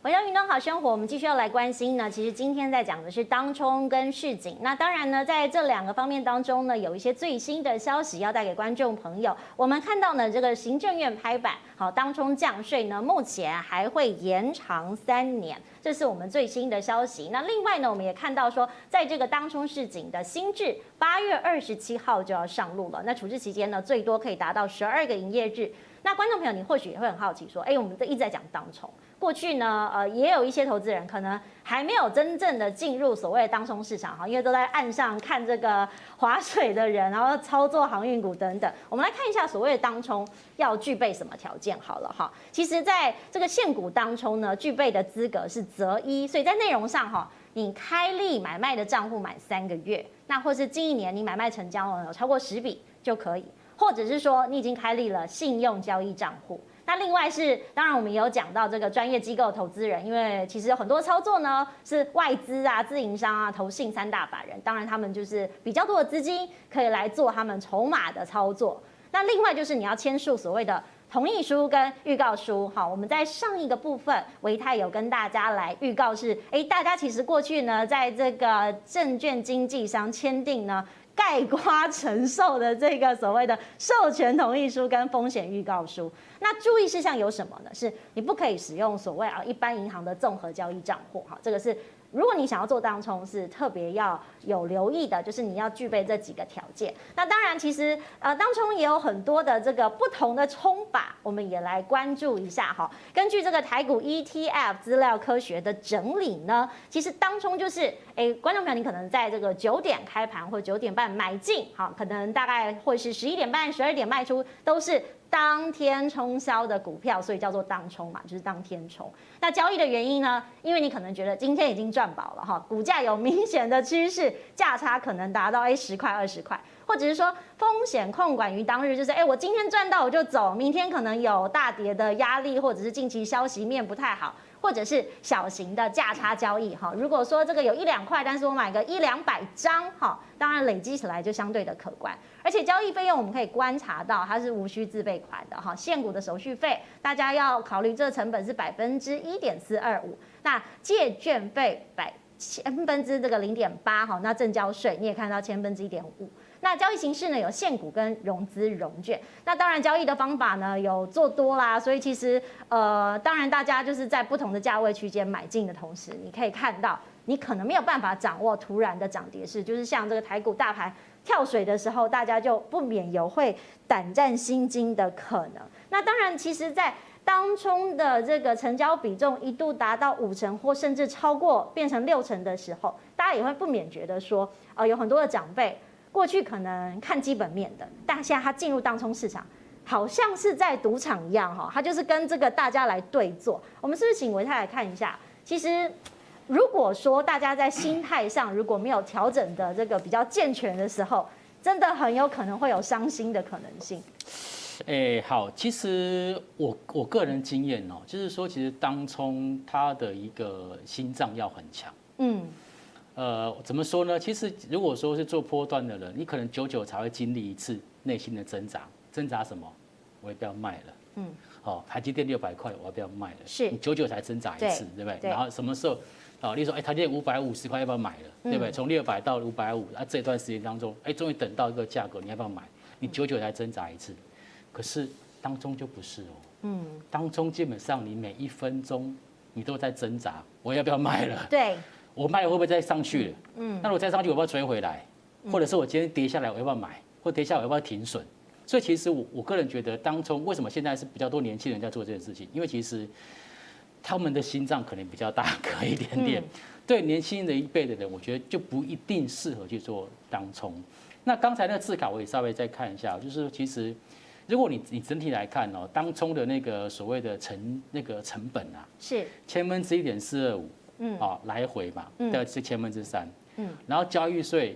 回到雲端好生活，我們繼續要來關心呢，其實今天在講的是當沖跟警示。那當然呢，在這兩個方面當中呢，有一些最新的消息要帶給觀眾朋友。我們看到呢，這個行政院拍板，好，當沖降稅呢，目前還會延長三年，這是我們最新的消息。那另外呢，我們也看到說，在這個當沖警示的新制，八月二十七號就要上路了。那處置期間呢，最多可以達到十二個營業日。那觀眾朋友，你或許也會很好奇，說，哎、欸，我們都一直在講當沖，過去呢，呃，也有一些投資人可能還沒有真正的進入所謂的當沖市場哈，因為都在岸上看這個滑水的人，然後操作航運股等等。我們來看一下所謂的當沖要具備什麼條件好了哈。其實在這個現股當沖呢，具備的資格是擇一，所以在內容上哈，你開立買賣的賬戶滿三個月，那或是近一年你買賣成交有超過十筆就可以。或者是說你已經開立了信用交易賬戶，那另外是當然我們也有講到這個專業機構投資人，因為其實有很多操作呢是外資啊、自營商啊、投信三大法人，當然他們就是比較多的資金可以來做他們籌碼的操作。那另外就是你要簽署所謂的同意書跟預告書，好，我們在上一個部分唯泰有跟大家來預告是，哎，大家其實過去呢，在這個證券經紀商簽訂呢概括承受的這個所謂的授權同意書跟風險預告書，那注意事項有什麼呢？是你不可以使用所謂啊一般銀行的綜合交易賬戶，哈，這個是。如果你想要做當沖，是特別要有留意的，就是你要具備這幾個條件。那當然，其實呃，當沖也有很多的這個不同的沖法，我們也來關注一下哈。根據這個台股 ETF 資料科學的整理呢，其實當沖就是，哎、欸，觀眾朋友，你可能在這個九點開盤或九點半買進，好，可能大概會是十一點半、十二點賣出，都是。當天沖銷的股票，所以叫做當沖嘛，就是當天沖。那交易的原因呢？因為你可能覺得今天已經賺飽了哈，股價有明顯的趨勢，價差可能達到哎十塊、二十塊，或者是說風險控管於當日，就是哎我今天賺到我就走，明天可能有大跌的壓力，或者是近期消息面不太好。或者是小型的價差交易哈、哦，如果說這個有一兩塊，但是我買個一兩百張哈，當然累積起來就相對的可觀。而且交易費用我們可以觀察到，它是無需自備款的哈、哦。現股的手續費大家要考慮，這個成本是百分之一點四二五。那借券費百千分之這個零點八哈，哦、那證交稅你也看到千分之一點五。那交易形式呢？有現股跟融資融券。那當然，交易的方法呢，有做多啦。所以其實，呃，當然大家就是在不同的價位區間買進的同時，你可以看到，你可能沒有辦法掌握突然的漲跌勢。就是像這個台股大盤跳水的時候，大家就不免有會膽戰心驚的可能。那當然，其實在當沖的這個成交比重一度達到五成，或甚至超過變成六成的時候，大家也會不免覺得說，呃，有很多的長輩過去可能看基本面的，但現在他進入當沖市場，好像是在賭場一樣哈、喔，他就是跟這個大家來對坐。我們是不是請唯泰來看一下？其實，如果說大家在心態上如果沒有調整的這個比較健全的時候，真的很有可能會有傷心的可能性。哎、欸，好，其實我我個人經驗哦、喔，就是說，其實當沖他的一個心臟要很強，嗯。呃，怎麼說呢？其實如果說是做波段的人，你可能久久才會經歷一次內心的掙扎，掙扎什麼？我要不要賣了？嗯，哦，台積電六百塊，我要不要賣了？是，你久久才掙扎一次，對，對不對？對然後什麼時候啊？你、哦、例如說，哎，台積電五百五十塊，要不要買了？嗯、對不對？從六百到五百五，啊，這段時間當中，哎，終於等到一個價格，你要不要買？你久久才掙扎一次，嗯、可是當中就不是哦。嗯，當中基本上你每一分鐘你都在掙扎，我要不要賣了？對。我賣了會不會再上去了？嗯，那如果再上去，我要不要追回來？嗯、或者是我今天跌下來，我要不要買？或跌下來我要不要停損？所以其實我我個人覺得當，當沖為什麼現在是比較多年輕人在做這件事情？因為其實他們的心臟可能比較大顆一點點。嗯、對，年輕人一輩的人，我覺得就不一定適合去做當沖。那剛才那個字卡我也稍微再看一下，就是其實如果你你整體來看哦，當沖的那個所謂的成那個成本啊，是千分之一點四二五。嗯，啊，來回嘛，的是千分之三、嗯，嗯，然後交易稅，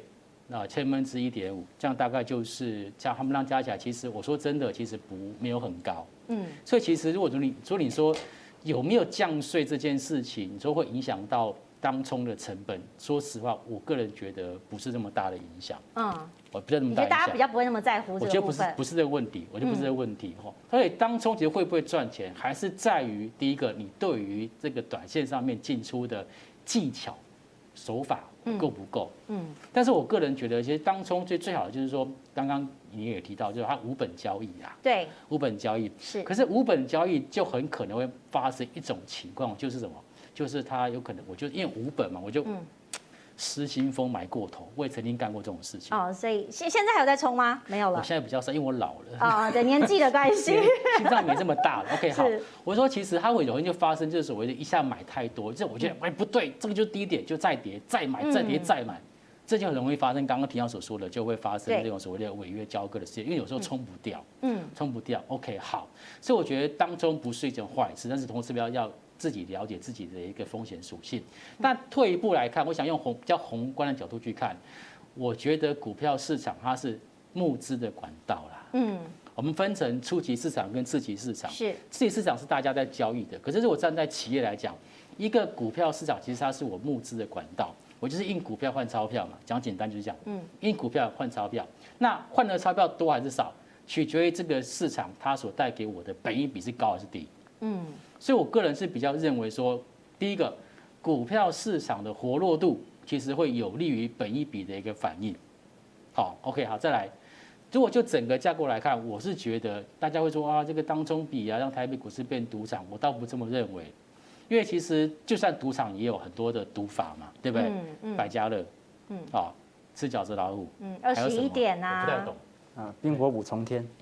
啊，千分之一點五，這樣大概就是加他們讓加起來，其實我說真的，其實不沒有很高，嗯，所以其實如果你說你從你說有沒有降稅這件事情，你說會影響到當沖的成本，說實話，我個人覺得不是那麼大的影響，嗯。我比較那麼，覺得大家比較不會那麼在乎。我覺得不是不是這個問題，我覺得不是這個問題哈。所以當沖其實會不會賺錢，還是在於第一個，你對於這個短線上面進出的技巧手法夠不夠？但是我個人覺得，其實當沖最最好的就是說，剛剛你也提到，就是它五本交易啊。對。五本交易是，可是五本交易就很可能會發生一種情況，就是什麼？就是它有可能，我就因為五本嘛，我就。失心瘋買過頭，我也曾經幹過這種事情。哦，所以現現在還有在衝嗎？沒有了。我現在比較少，因為我老了。啊、哦，年紀的關係， 心臟沒這麼大了。OK，好。是我說其實它會容易就發生，就是所謂的，一下買太多，這我覺得，哎、嗯欸，不對，這個就低一點，就再跌，再買，再跌，再買，嗯、這就很容易發生剛剛庭皓所說的，就會發生這種所謂的違約交割的事件，對因為有時候衝不掉。嗯。衝不掉，OK，好。所以我覺得當沖不是一件壞事，但是同時要要。自己了解自己的一個風險屬性，那退一步來看，我想用宏比較宏觀的角度去看，我覺得股票市場它是募資的管道啦。嗯，我們分成初級市場跟次級市場，是次級市場是大家在交易的。可是我站在企業來講，一個股票市場其實它是我募資的管道，我就是印股票換鈔票嘛，講簡單就是這樣。嗯，印股票換鈔票，那換的鈔票多還是少，取決於這個市場它所帶給我的本益比是高還是低。嗯。所以，我個人是比較認為說，第一個，股票市場的活絡度其實會有利於本益比的一個反應。好，OK，好，再來。如果就整個架構來看，我是覺得大家會說，啊這個當沖比啊，讓台北股市變賭場，我倒不這麼認為。因為其實就算賭場也有很多的賭法嘛，對不對？嗯嗯。百家樂，嗯，好，吃角子老虎，嗯，二十一點啊，不太懂。啊，冰火五重天，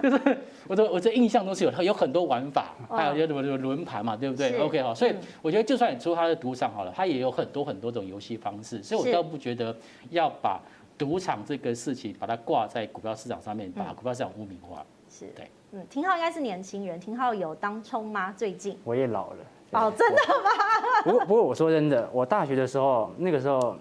就是我的我這印象都是有，它有很多玩法，哇還有有什麼什麼輪盤嘛，對不對？OK 哈，所以我覺得就算你出他的賭場好了，他也有很多很多種遊戲方式，所以我倒不覺得要把賭場這個事情把它掛在股票市場上面，把股票市場污名化。是、嗯、對，嗯，庭皓應該是年輕人，庭皓有當沖嗎？最近我也老了，哦，真的嗎？不不過我說真的，我大學的時候那個時候。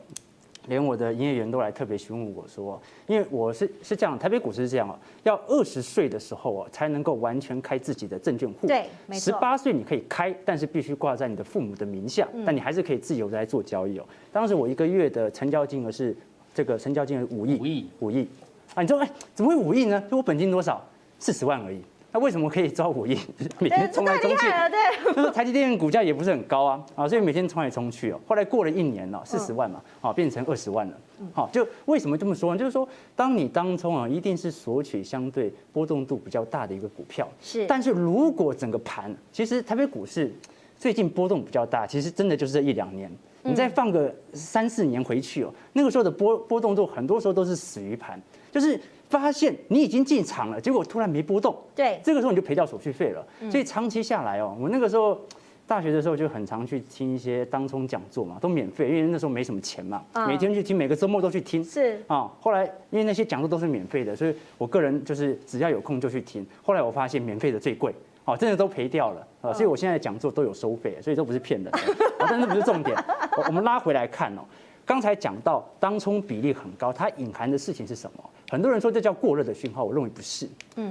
連我的營業員都來特別詢問我說：“因為我是是這樣，台北股市是這樣哦，要二十歲的時候哦才能夠完全開自己的證券戶。對，十八歲你可以開，但是必須掛在你的父母的名下，但你還是可以自由的來做交易哦。當時我一個月的成交金額是這個成交金額五億，五億，五億啊！你說哎，怎麼會五億呢？就我本金多少？四十萬而已。”那為什麼可以抓五億？每天沖來沖去，對。他台積電源股價也不是很高啊，啊，所以每天沖來沖去哦。後來過了一年了，四十萬嘛，啊，變成二十萬了。好，就為什麼這麼說呢？就是說，當你當沖啊，一定是索取相對波動度比較大的一個股票。是。但是如果整個盤，其實台北股市最近波動比較大，其實真的就是這一兩年。你再放個三四年回去哦，那個時候的波波動度很多時候都是死於盤，就是。發現你已經進場了，結果突然沒波動。對，這個時候你就賠掉手續費了。所以長期下來哦，嗯、我那個時候大學的時候就很常去聽一些當沖講座嘛，都免費，因為那時候沒什麼錢嘛，嗯、每天去聽，每個周末都去聽。是啊、哦，後來因為那些講座都是免費的，所以我個人就是只要有空就去聽。後來我發現免費的最貴，哦，真的都賠掉了啊、呃。所以我現在講座都有收費，所以這不是騙人的。嗯哦、但這不是重點。我、 哦、我們拉回來看哦，剛才講到當沖比例很高，它隱含的事情是什麼？很多人說這叫過熱的信號，我認為不是，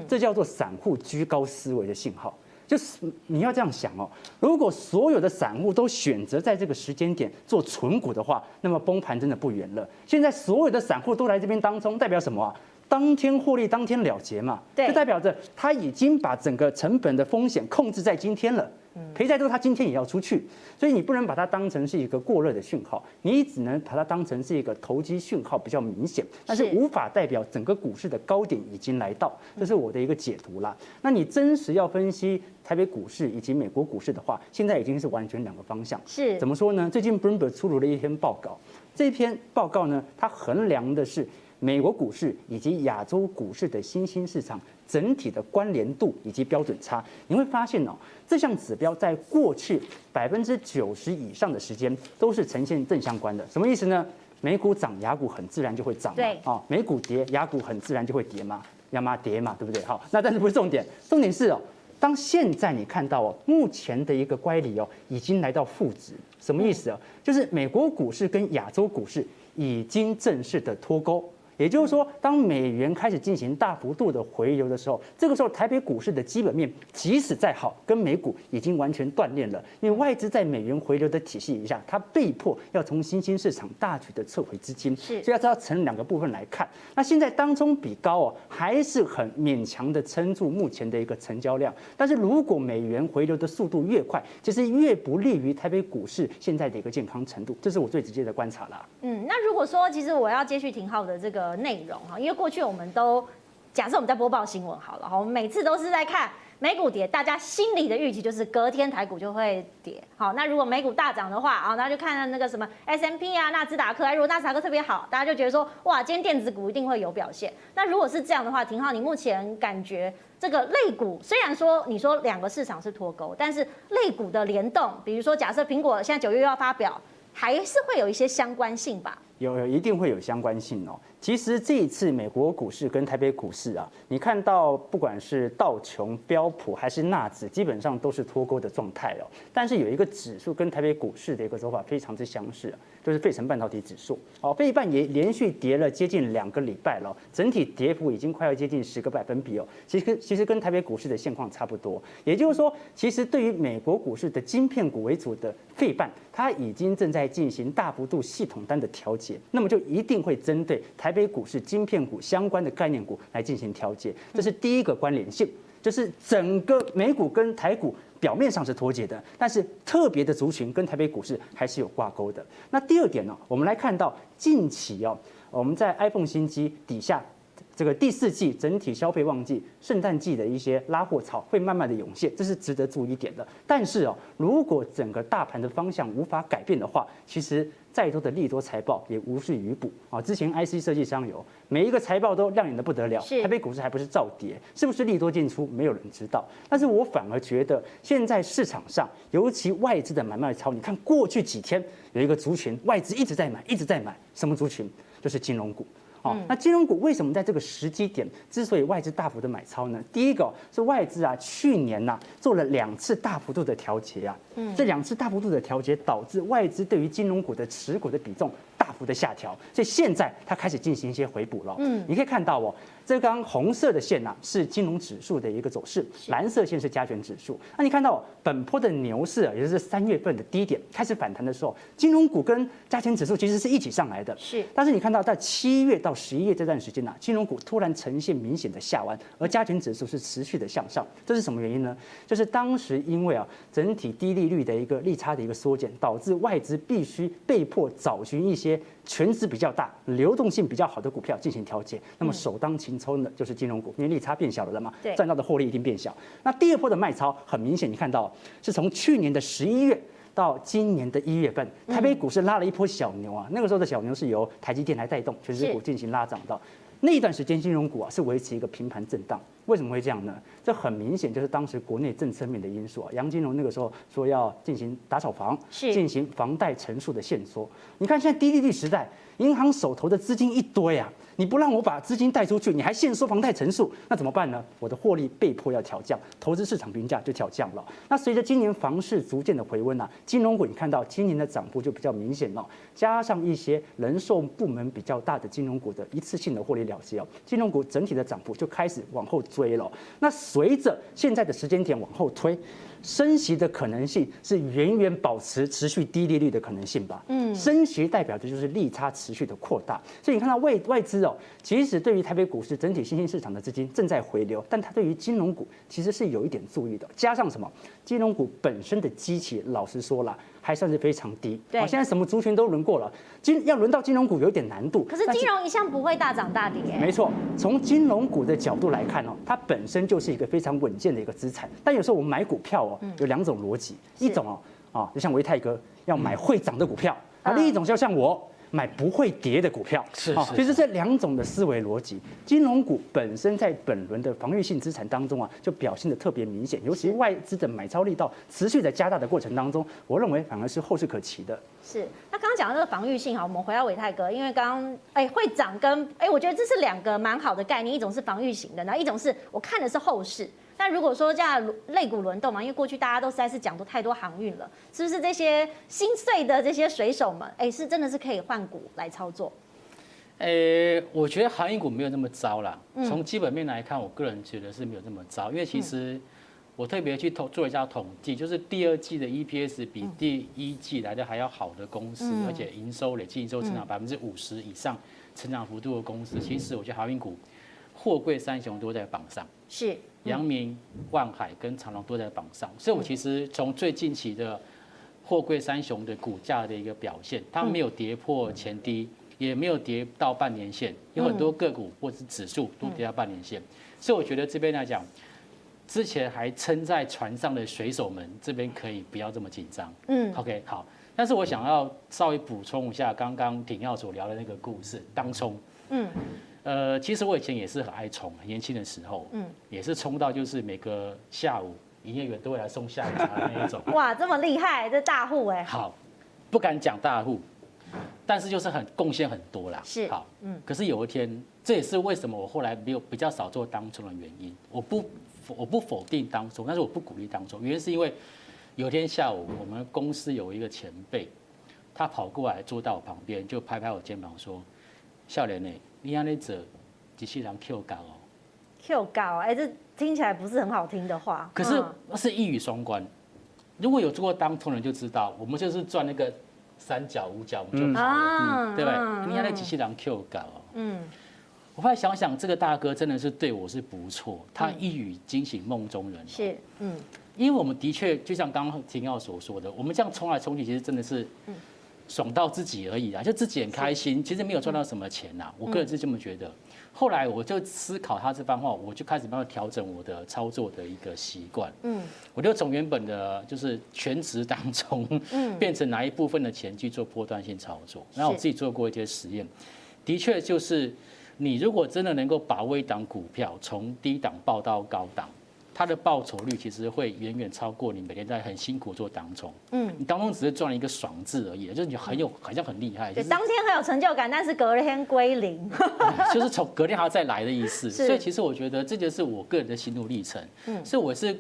這叫做散戶居高思維的信號。就是你要這樣想哦，如果所有的散戶都選擇在這個時間點做存股的話，那麼崩盤真的不遠了。現在所有的散戶都來這邊當中，代表什麼啊？當天獲利，當天了結嘛，對，就代表着他已經把整個成本的風險控制在今天了。賠再多，都他今天也要出去，所以你不能把它當成是一個過熱的訊號，你只能把它當成是一個投機訊號，比較明顯，但是無法代表整個股市的高點已經來到，這是我的一個解讀啦。那你真實要分析台北股市以及美國股市的話，現在已經是完全兩個方向。是怎麼說呢？最近 Bloomberg 出爐了一篇報告，這篇報告呢，它衡量的是美國股市以及亞洲股市的新興市場。整體的關聯度以及標準差，你會發現哦，這項指標在過去百分之九十以上的時間都是呈現正相關的。什麼意思呢？美股漲，亞股很自然就會漲對、哦、美股跌，亞股很自然就會跌嘛，要嘛跌嘛，對不對？好、哦，那但是不是重點，重點是哦，當現在你看到哦，目前的一個乖離哦，已經來到負值，什麼意思哦、啊？嗯、就是美國股市跟亞洲股市已經正式的脫鈎。也就是說，當美元開始進行大幅度的回流的時候，這個時候台北股市的基本面即使再好，跟美股已經完全斷裂了。因為外資在美元回流的體系以下，它被迫要從新興市場大舉的撤回資金，所以要要成兩個部分來看。那現在當沖比高哦，還是很勉強的撐住目前的一個成交量。但是如果美元回流的速度越快，其實越不利於台北股市現在的一個健康程度，這是我最直接的觀察了。嗯，那如果說其實我要接續庭皓的這個。呃，內容哈，因為過去我們都假設我們在播報新聞好了哈，我們每次都是在看美股跌，大家心裡的預期就是隔天台股就會跌。好，那如果美股大漲的話啊，那就看那個什麼 S M P 啊、納斯達克，啊，如果納斯達克特別好，大家就覺得說哇，今天電子股一定會有表現。那如果是這樣的話，庭皓，你目前感覺這個類股雖然說你說兩個市場是脫鈎，但是類股的聯動，比如說假設蘋果現在九月又要發表，還是會有一些相關性吧？有，有，一定會有相關性哦。其實這一次美國股市跟台北股市啊，你看到不管是道瓊、標普還是納指，基本上都是脫鈎的狀態哦。但是有一個指數跟台北股市的一個走法非常之相似，就是費城半導體指數。哦。費半也連續跌了接近兩個禮拜了，整體跌幅已經快要接近十個百分比哦。其實其實跟台北股市的現況差不多。也就是說，其實對於美國股市的晶片股為主的費半，它已經正在進行大幅度系統單的調節，那麼就一定會針對台。台北股市、晶片股相關的概念股來進行調節，這是第一個關聯性。就是整個美股跟台股表面上是脫節的，但是特別的族群跟台北股市還是有掛鈎的。那第二點呢，我們來看到近期哦，我們在 iPhone 新機底下。這個第四季整體消費旺季，聖誕季的一些拉貨潮會慢慢的湧現，這是值得注意點的。但是哦，如果整個大盤的方向無法改變的話，其實再多的利多財報也無事於補啊、哦。之前 IC 設計商有每一個財報都亮眼的不得了，是台北股市還不是照跌，是不是利多進出沒有人知道？但是我反而覺得現在市場上，尤其外資的買賣潮，你看過去幾天有一個族群外資一直在買，一直在買，什麼族群？就是金融股。哦，那金融股為什麼在這個時機點之所以外資大幅的買超呢？第一個是外資啊，去年吶、啊、做了兩次大幅度的調節啊，嗯，這兩次大幅度的調節導致外資對於金融股的持股的比重大幅的下調，所以現在它開始進行一些回補了，嗯，你可以看到哦。這根紅色的線吶、啊，是金融指數的一個走勢，藍色線是加權指數、啊。那你看到本波的牛市，啊，也就是三月份的低點開始反彈的時候，金融股跟加權指數其實是一起上來的。是，但是你看到在七月到十一月這段時間吶、啊，金融股突然呈現明顯的下彎，而加權指數是持續的向上，這是什麼原因呢？就是當時因為啊，整體低利率的一個利差的一個縮減，導致外資必須被迫找尋一些。權值比較大，流動性比較好的股票進行調節，那麼首當其衝的就是金融股，因為利差變小了嘛，賺到的獲利一定變小。那第二波的賣超很明顯，你看到是從去年的十一月到今年的一月份，台北股市拉了一波小牛啊，那個時候的小牛是由台積電來帶動，權值股進行拉漲到。那一段時間，金融股啊是維持一個平盤震盪。為什麼會這樣呢？這很明顯就是當時國內政策面的因素啊。央行金融那個時候說要進行打炒房，進是 行房貸乘數的限縮。你看現在低利率時代，銀行手頭的資金一堆呀、啊。你不讓我把資金帶出去，你還限縮房貸成數，那怎麼辦呢？我的獲利被迫要調降，投資市場評價就調降了。那隨着今年房市逐漸的回溫啊，金融股你看到今年的漲幅就比較明顯了，加上一些人壽部門比較大的金融股的一次性的獲利了結哦，金融股整體的漲幅就開始往後追了。那隨着現在的時間點往後推。升息的可能性是遠遠保持持續低利率的可能性吧？嗯，升息代表的就是利差持續的擴大，所以你看到外外資哦，即使對於台北股市整體新興市場的資金正在回流，但它對於金融股其實是有一點注意的。加上什麼，金融股本身的機器，老實說啦。還算是非常低。對，現在什麼族群都輪過了，金要輪到金融股有點難度。可是金融一向不會大漲大跌。欸、沒錯，從金融股的角度來看哦，它本身就是一個非常穩健的一個資產。但有時候我們買股票哦，嗯、有兩種邏輯，一種哦，啊是、哦，就像唯泰哥要買會漲的股票，那、嗯、另一種就要像我。買不會跌的股票，是啊是、哦，就是這兩種的思維邏輯。金融股本身在本輪的防御性資產當中啊，就表現的特別明顯，尤其外資的買超力道持續的加大的過程當中，我認為反而是後市可期的。是，那剛剛講到這個防御性哈，我們回到唯泰哥，因為剛剛哎會長跟哎、欸，我覺得這是兩個蠻好的概念，一種是防禦型的，然後一種是我看的是後市。但如果說這樣類股輪動嘛，因為過去大家都實在是講都太多航運了，是不是這些心碎的這些水手們，哎、欸，是真的是可以換股來操作？呃、欸，我覺得航運股沒有那麼糟啦。從、嗯、基本面來看，我個人覺得是沒有那麼糟，因為其實我特別去統做一下統計，嗯、就是第二季的 EPS 比第一季來得還要好的公司，嗯、而且營收累計營收成長百分之五十以上，成長幅度的公司，嗯、其實我覺得航運股貨櫃三雄都在榜上。是。陽、嗯、明、萬海跟長榮都在榜上，所以，我其實從最近期的貨櫃三雄的股價的一個表現，它沒有跌破前低，也沒有跌到半年線，有很多個股或者是指數都跌到半年線，所以，我覺得這邊來講，之前還撐在船上的水手們，這邊可以不要這麼緊張。嗯，OK，好。但是我想要稍微補充一下剛剛庭皓所聊的那個故事，當中、嗯，嗯。嗯呃，其實我以前也是很愛沖，很年輕的時候，嗯，也是沖到就是每個下午營業員都會來送下午茶的那一種。哇，這麼厲害，這大戶哎。好，不敢講大戶，但是就是很貢獻很多啦。是，好，嗯。可是有一天，這也是為什麼我後來沒有比較少做當沖的原因。我不我不否定當沖，但是我不鼓勵當沖，原因是因為有一天下午我們公司有一個前輩，他跑過來坐到我旁邊，就拍拍我肩膀說：“少年欸？”你看那者機器人 Q 高哦，Q 高哎，這聽起來不是很好聽的話，可是是一語雙關。如果有做過當沖人就知道，我們就是賺那個三角五角，我們就跑了，對不對？你看那機器人 Q 高哦，嗯。嗯我後來想想，這個大哥真的是對我是不錯，他一語驚醒夢中人。嗯。是，嗯，因為我們的確就像剛剛庭皓所說的，我們這樣衝來衝去，其實真的是，嗯。爽到自己而已啦，就自己很開心，其實沒有賺到什麼錢吶、啊。我個人是這麼覺得。後來我就思考他這番話，我就開始慢慢調整我的操作的一個習慣。嗯，我就從原本的就是全職當沖，嗯，變成拿一部分的錢去做波段性操作。然後我自己做過一些實驗，的確就是你如果真的能夠把握一檔股票從低檔抱到高檔。他的報酬率其實會遠遠超過你每天在很辛苦做當沖。嗯，你當沖只是賺了一個爽字而已，就是你很有好像很厲害，當天很有成就感，但是隔天歸零，就是從、嗯、隔天還要再來的意思。所以其實我覺得這就是我個人的心路歷程。嗯，所以我是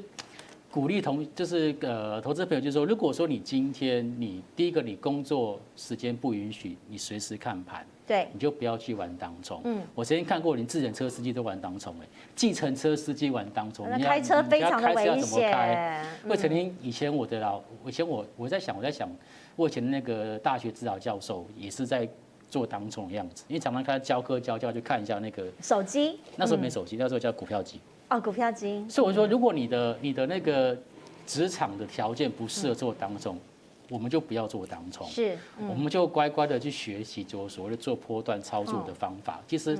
鼓勵同就是呃投資朋友，就是說如果說你今天你第一個你工作時間不允許，你隨時看盤，對，你就不要去玩當沖。嗯，我曾經看過，連自行車司機都玩當沖哎，計程車司機玩當沖。開車非常的危險。嗯、我曾經以前我的老，以前我我在想我在想，我以前那個大學指導教授也是在做當沖的樣子，因為常常看他教科教教去看一下那個手機。嗯、那時候沒手機，那時候叫股票機。哦，股票機。所以我說，如果你的你的那個職場的條件不適合做當沖。嗯我們就不要做當沖，是，嗯、我們就乖乖的去學習做所謂的做波段操作的方法。哦嗯、其實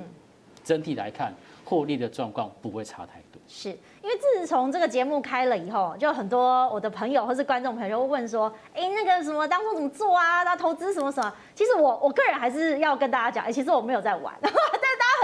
整體來看，獲利的狀況不會差太多。是因為自從這個節目開了以後，就很多我的朋友或是觀眾朋友就會問說：“哎、欸，那個什麼當沖怎麼做啊？那投資什麼什麼？”其實我我個人還是要跟大家講，哎、欸，其實我沒有在玩。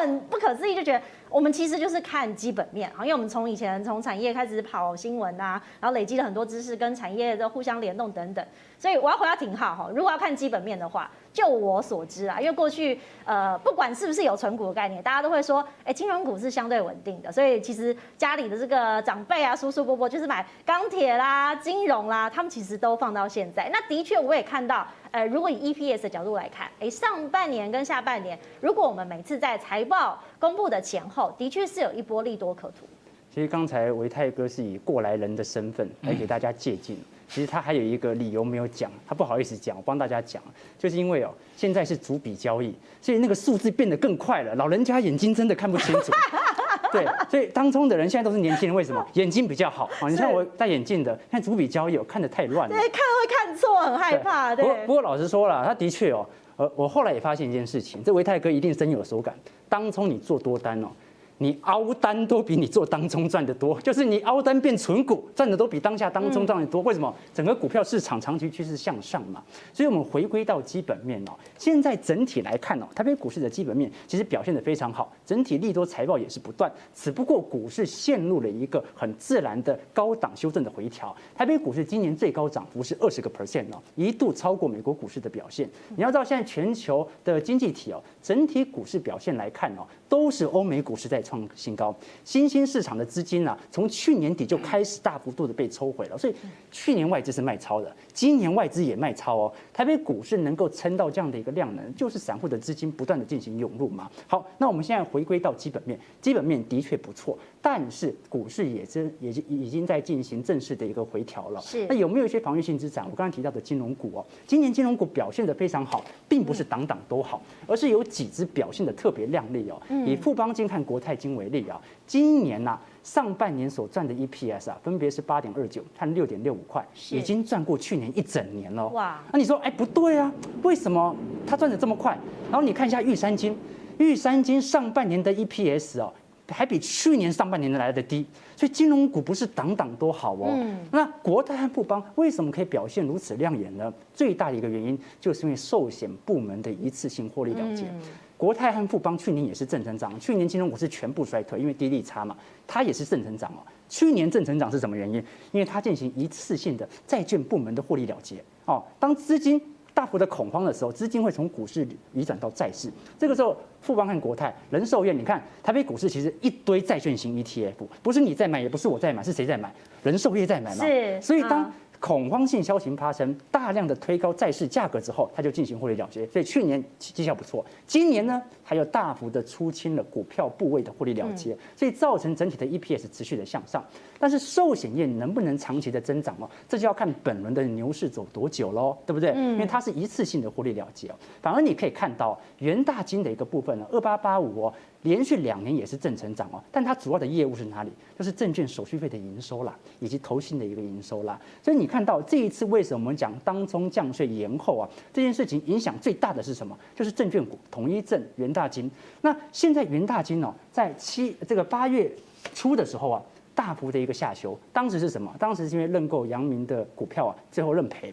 很不可思議，就覺得我們其實就是看基本面，好，因為我們從以前從產業開始跑新聞啊，然後累積了很多知識跟產業的互相聯動等等，所以我要回到庭皓哈，如果要看基本面的話。就我所知啊，因為過去呃，不管是不是有存股的概念，大家都會說，哎、欸，金融股是相對穩定的，所以其實家裡的這個長輩啊、叔叔伯伯就是買鋼鐵啦、金融啦，他們其實都放到現在。那的確我也看到，呃，如果以 EPS 的角度來看，哎、欸，上半年跟下半年，如果我們每次在財報公布的前後，的確是有一波利多可圖。其實剛才唯泰哥是以過來人的身份來給大家借鏡。嗯其實他還有一個理由沒有講，他不好意思講，我幫大家講，就是因為哦、喔，現在是逐筆交易，所以那個數字變得更快了，老人家眼睛真的看不清楚。 對，所以當沖的人現在都是年輕人，為什麼？眼睛比較好啊、喔。你像我戴眼鏡的，看逐筆交易我看的太亂了，對，看會看錯，很害怕。對。對，不過，不過老實說了，他的確哦，呃，我後來也發現一件事情，這唯泰哥一定深有所手感。當沖你做多單哦、喔。你凹單都比你做當中賺的多，就是你凹單變存股賺的都比當下當中賺的多。為什麼？整個股票市場長期趨勢向上嘛，所以我們回歸到基本面哦。現在整體來看哦，台北股市的基本面其實表現得非常好，整體利多財報也是不斷。只不過股市陷入了一個很自然的高檔修正的回調。台北股市今年最高漲幅是二十個 percent 哦，一度超過美國股市的表現。你要知道，現在全球的經濟體哦，整體股市表現來看哦。都是歐美股市在創新高，新興市場的資金呢，從去年底就開始大幅度的被抽回了，所以去年外資是賣超的，今年外資也賣超哦。台北股市能夠撐到這樣的一個量能，就是散戶的資金不斷的進行湧入嘛。好，那我們現在回歸到基本面，基本面的確不錯。但是股市也正也已經在進行正式的一個回調了。是，那有沒有一些防禦性資產？我剛才提到的金融股哦，今年金融股表現的非常好，並不是檔檔都好，而是有幾隻表現的特別亮麗哦。嗯。以富邦金和國泰金為例啊，今年呢上半年所賺的 EPS 啊，分別是八點二九和六點六五塊，已經賺過去年一整年了。哇。那你說，哎，不對啊，為什麼它賺的這麼快？然後你看一下玉山金，玉山金上半年的 EPS 哦。還比去年上半年的來得低，所以金融股不是檔檔都好哦。嗯、那國泰和富邦為什麼可以表現如此亮眼呢？最大的一個原因就是因為壽險部門的一次性獲利了結。嗯、國泰和富邦去年也是正成長，去年金融股是全部衰退，因為低利差嘛，它也是正成長哦。去年正成長是什麼原因？因為它進行一次性的債券部門的獲利了結哦，當資金。大幅的恐慌的時候，資金會從股市移轉到債市。這個時候，富邦和國泰、人壽業，你看台北股市其實一堆債券型 ETF，不是你在買，也不是我在買，是誰在買？人壽業在買嘛。是所以當、啊恐慌性消行發生大量的推高債市價格之後，它就進行獲利了結，所以去年績效不錯。今年呢，它有大幅的出清了股票部位的獲利了結，所以造成整體的 EPS 持續的向上。但是壽險業能不能長期的增長嘛、哦？這就要看本輪的牛市走多久咯，對不對？因為它是一次性的獲利了結、哦，反而你可以看到元大金的一個部分呢，二八八五。連續兩年也是正成長哦、喔，但它主要的業務是哪裡？就是證券手續費的營收啦，以及投信的一個營收啦。所以你看到這一次為什麼我們講當沖降稅延後啊？這件事情影響最大的是什麼？就是證券股，統一證、元大金。那現在元大金哦、喔，在七這個八月初的時候啊，大幅的一個下修。當時是什麼？當時是因為認購陽明的股票啊，最後認賠，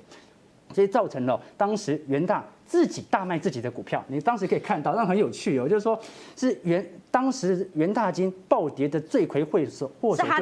所以造成了當時元大。自己大賣自己的股票，你當時可以看到，那很有趣哦、喔，就是說，是元當時元大金暴跌的罪魁禍首，或者就是他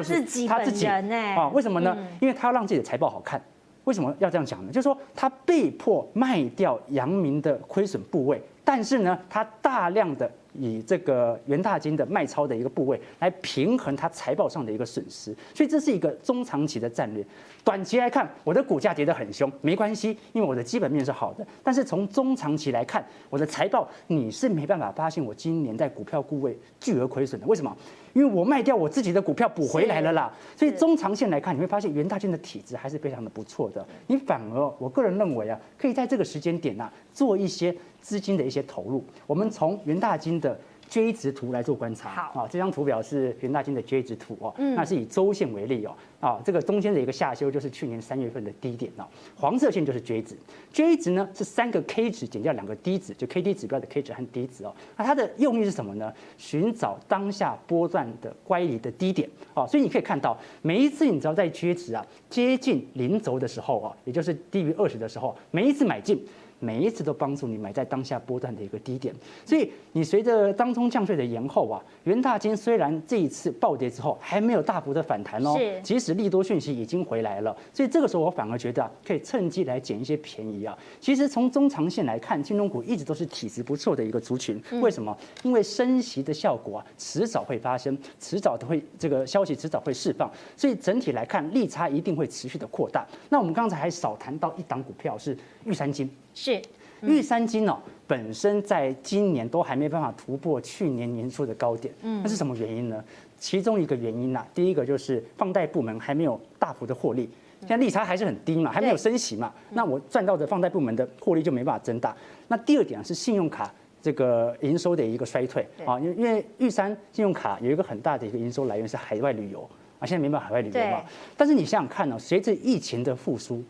自己哎啊，為什麼呢？因為他要讓自己的財報好看，為什麼要這樣講呢？就是說他被迫賣掉陽明的虧損部位，但是呢，他大量的。以這個元大金的賣超的一個部位來平衡它財報上的一個損失，所以這是一個中長期的戰略。短期來看，我的股價跌得很兇，沒關係，因為我的基本面是好的。但是從中長期來看，我的財報你是沒辦法發現我今年在股票部位巨額虧損的。為什麼？因為我賣掉我自己的股票補回來了啦。所以中長線來看，你會發現元大金的體質還是非常的不錯的。你反而，我個人認為啊，可以在這個時間點呢、啊、做一些。資金的一些投入，我們從元大金的 J 值圖來做觀察。好，這張圖表是元大金的 J 值圖哦，那是以周線為例哦。啊，這個中間的一個下修就是去年三月份的低點哦。黃色線就是 J 值，J 值呢是三個 K 值減掉兩個 D 值，就 K D 指標的 K 值和 D 值哦。那它的用意是什麼呢？尋找當下波段的乖離的低點哦。所以你可以看到，每一次你只要在 J 值啊接近零軸的時候哦，也就是低於二十的時候，每一次買進。每一次都幫助你買在當下波段的一個低點，所以你隨着當中降稅的延後啊，元大金雖然這一次暴跌之後還沒有大幅的反彈哦，即使利多訊息已經回來了，所以這個時候我反而覺得啊，可以趁機來撿一些便宜啊。其實從中長線來看，金融股一直都是體質不錯的一個族群，為什麼？因為升息的效果啊，遲早會發生，遲早都會這個消息遲早會釋放，所以整體來看利差一定會持續的擴大。那我們剛才還少談到一檔股票是玉山金。是，嗯、玉山金哦，本身在今年都還沒辦法突破去年年初的高點，嗯，那是什麼原因呢？其中一個原因呢、啊，第一個就是放貸部門還沒有大幅的獲利，嗯、現在利差還是很低嘛，還沒有升息嘛，對那我賺到的放貸部門的獲利就沒辦法增大。嗯、那第二點是信用卡這個營收的一個衰退啊，因為對因為玉山信用卡有一個很大的一個營收來源是海外旅遊啊，現在沒辦法海外旅遊嘛，對但是你想想看呢、哦，隨着疫情的復甦。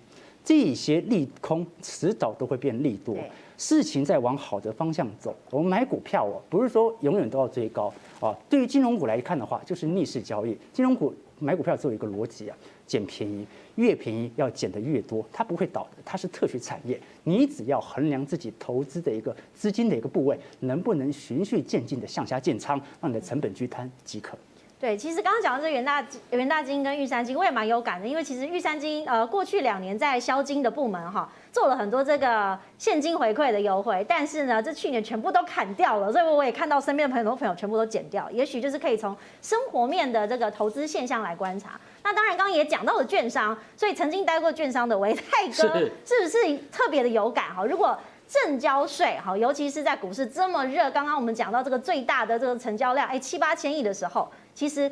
這些利空遲早都會變利多，事情在往好的方向走。我們買股票哦，不是說永遠都要追高啊。對於金融股來看的話，就是逆勢交易。金融股買股票只有一個邏輯啊，撿便宜，越便宜要撿得越多。它不會倒的，它是特許產業。你只要衡量自己投資的一個資金的一個部位，能不能循序漸進地向下建倉，讓你的成本均攤即可。對，其實剛剛講到這元大元大金跟玉山金，我也蠻有感的，因為其實玉山金呃過去兩年在消金的部門哈、哦、做了很多這個現金回饋的優惠，但是呢這去年全部都砍掉了，所以我也看到身邊的朋友朋友全部都剪掉，也許就是可以從生活面的這個投資現象來觀察。那當然剛剛也講到了券商，所以曾經待過券商的唯泰哥是不是特別的有感哈、哦？如果證交稅哈、哦，尤其是在股市這麼熱，剛剛我們講到這個最大的這個成交量哎七八千億的時候。其實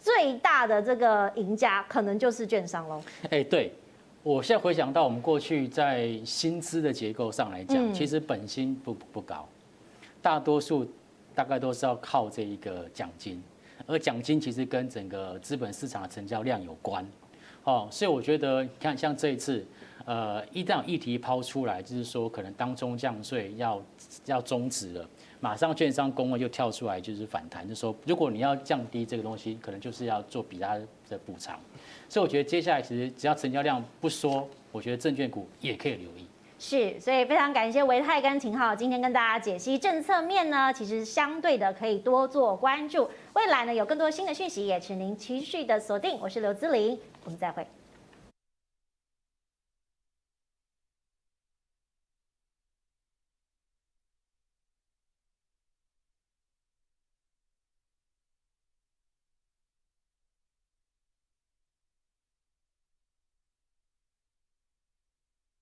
最大的這個贏家可能就是券商嘍。哎，對，我現在回想到我們過去在薪資的結構上來講，其實本薪不、不不高，大多數大概都是要靠這一個獎金，而獎金其實跟整個資本市場的成交量有關。哦，所以我覺得看像這一次，呃，一旦有議題拋出來，就是說可能當沖降稅要要終止了。馬上券商公會，就跳出來，就是反彈，就說如果你要降低這個東西，可能就是要做比他的補償。所以我覺得接下來其實只要成交量不說，我覺得證券股也可以留意。是，所以非常感謝唯泰跟庭皓今天跟大家解析政策面呢，其實相對的可以多做關注。未來呢，有更多新的訊息，也請您持續的鎖定。我是劉姿麟，我們再會。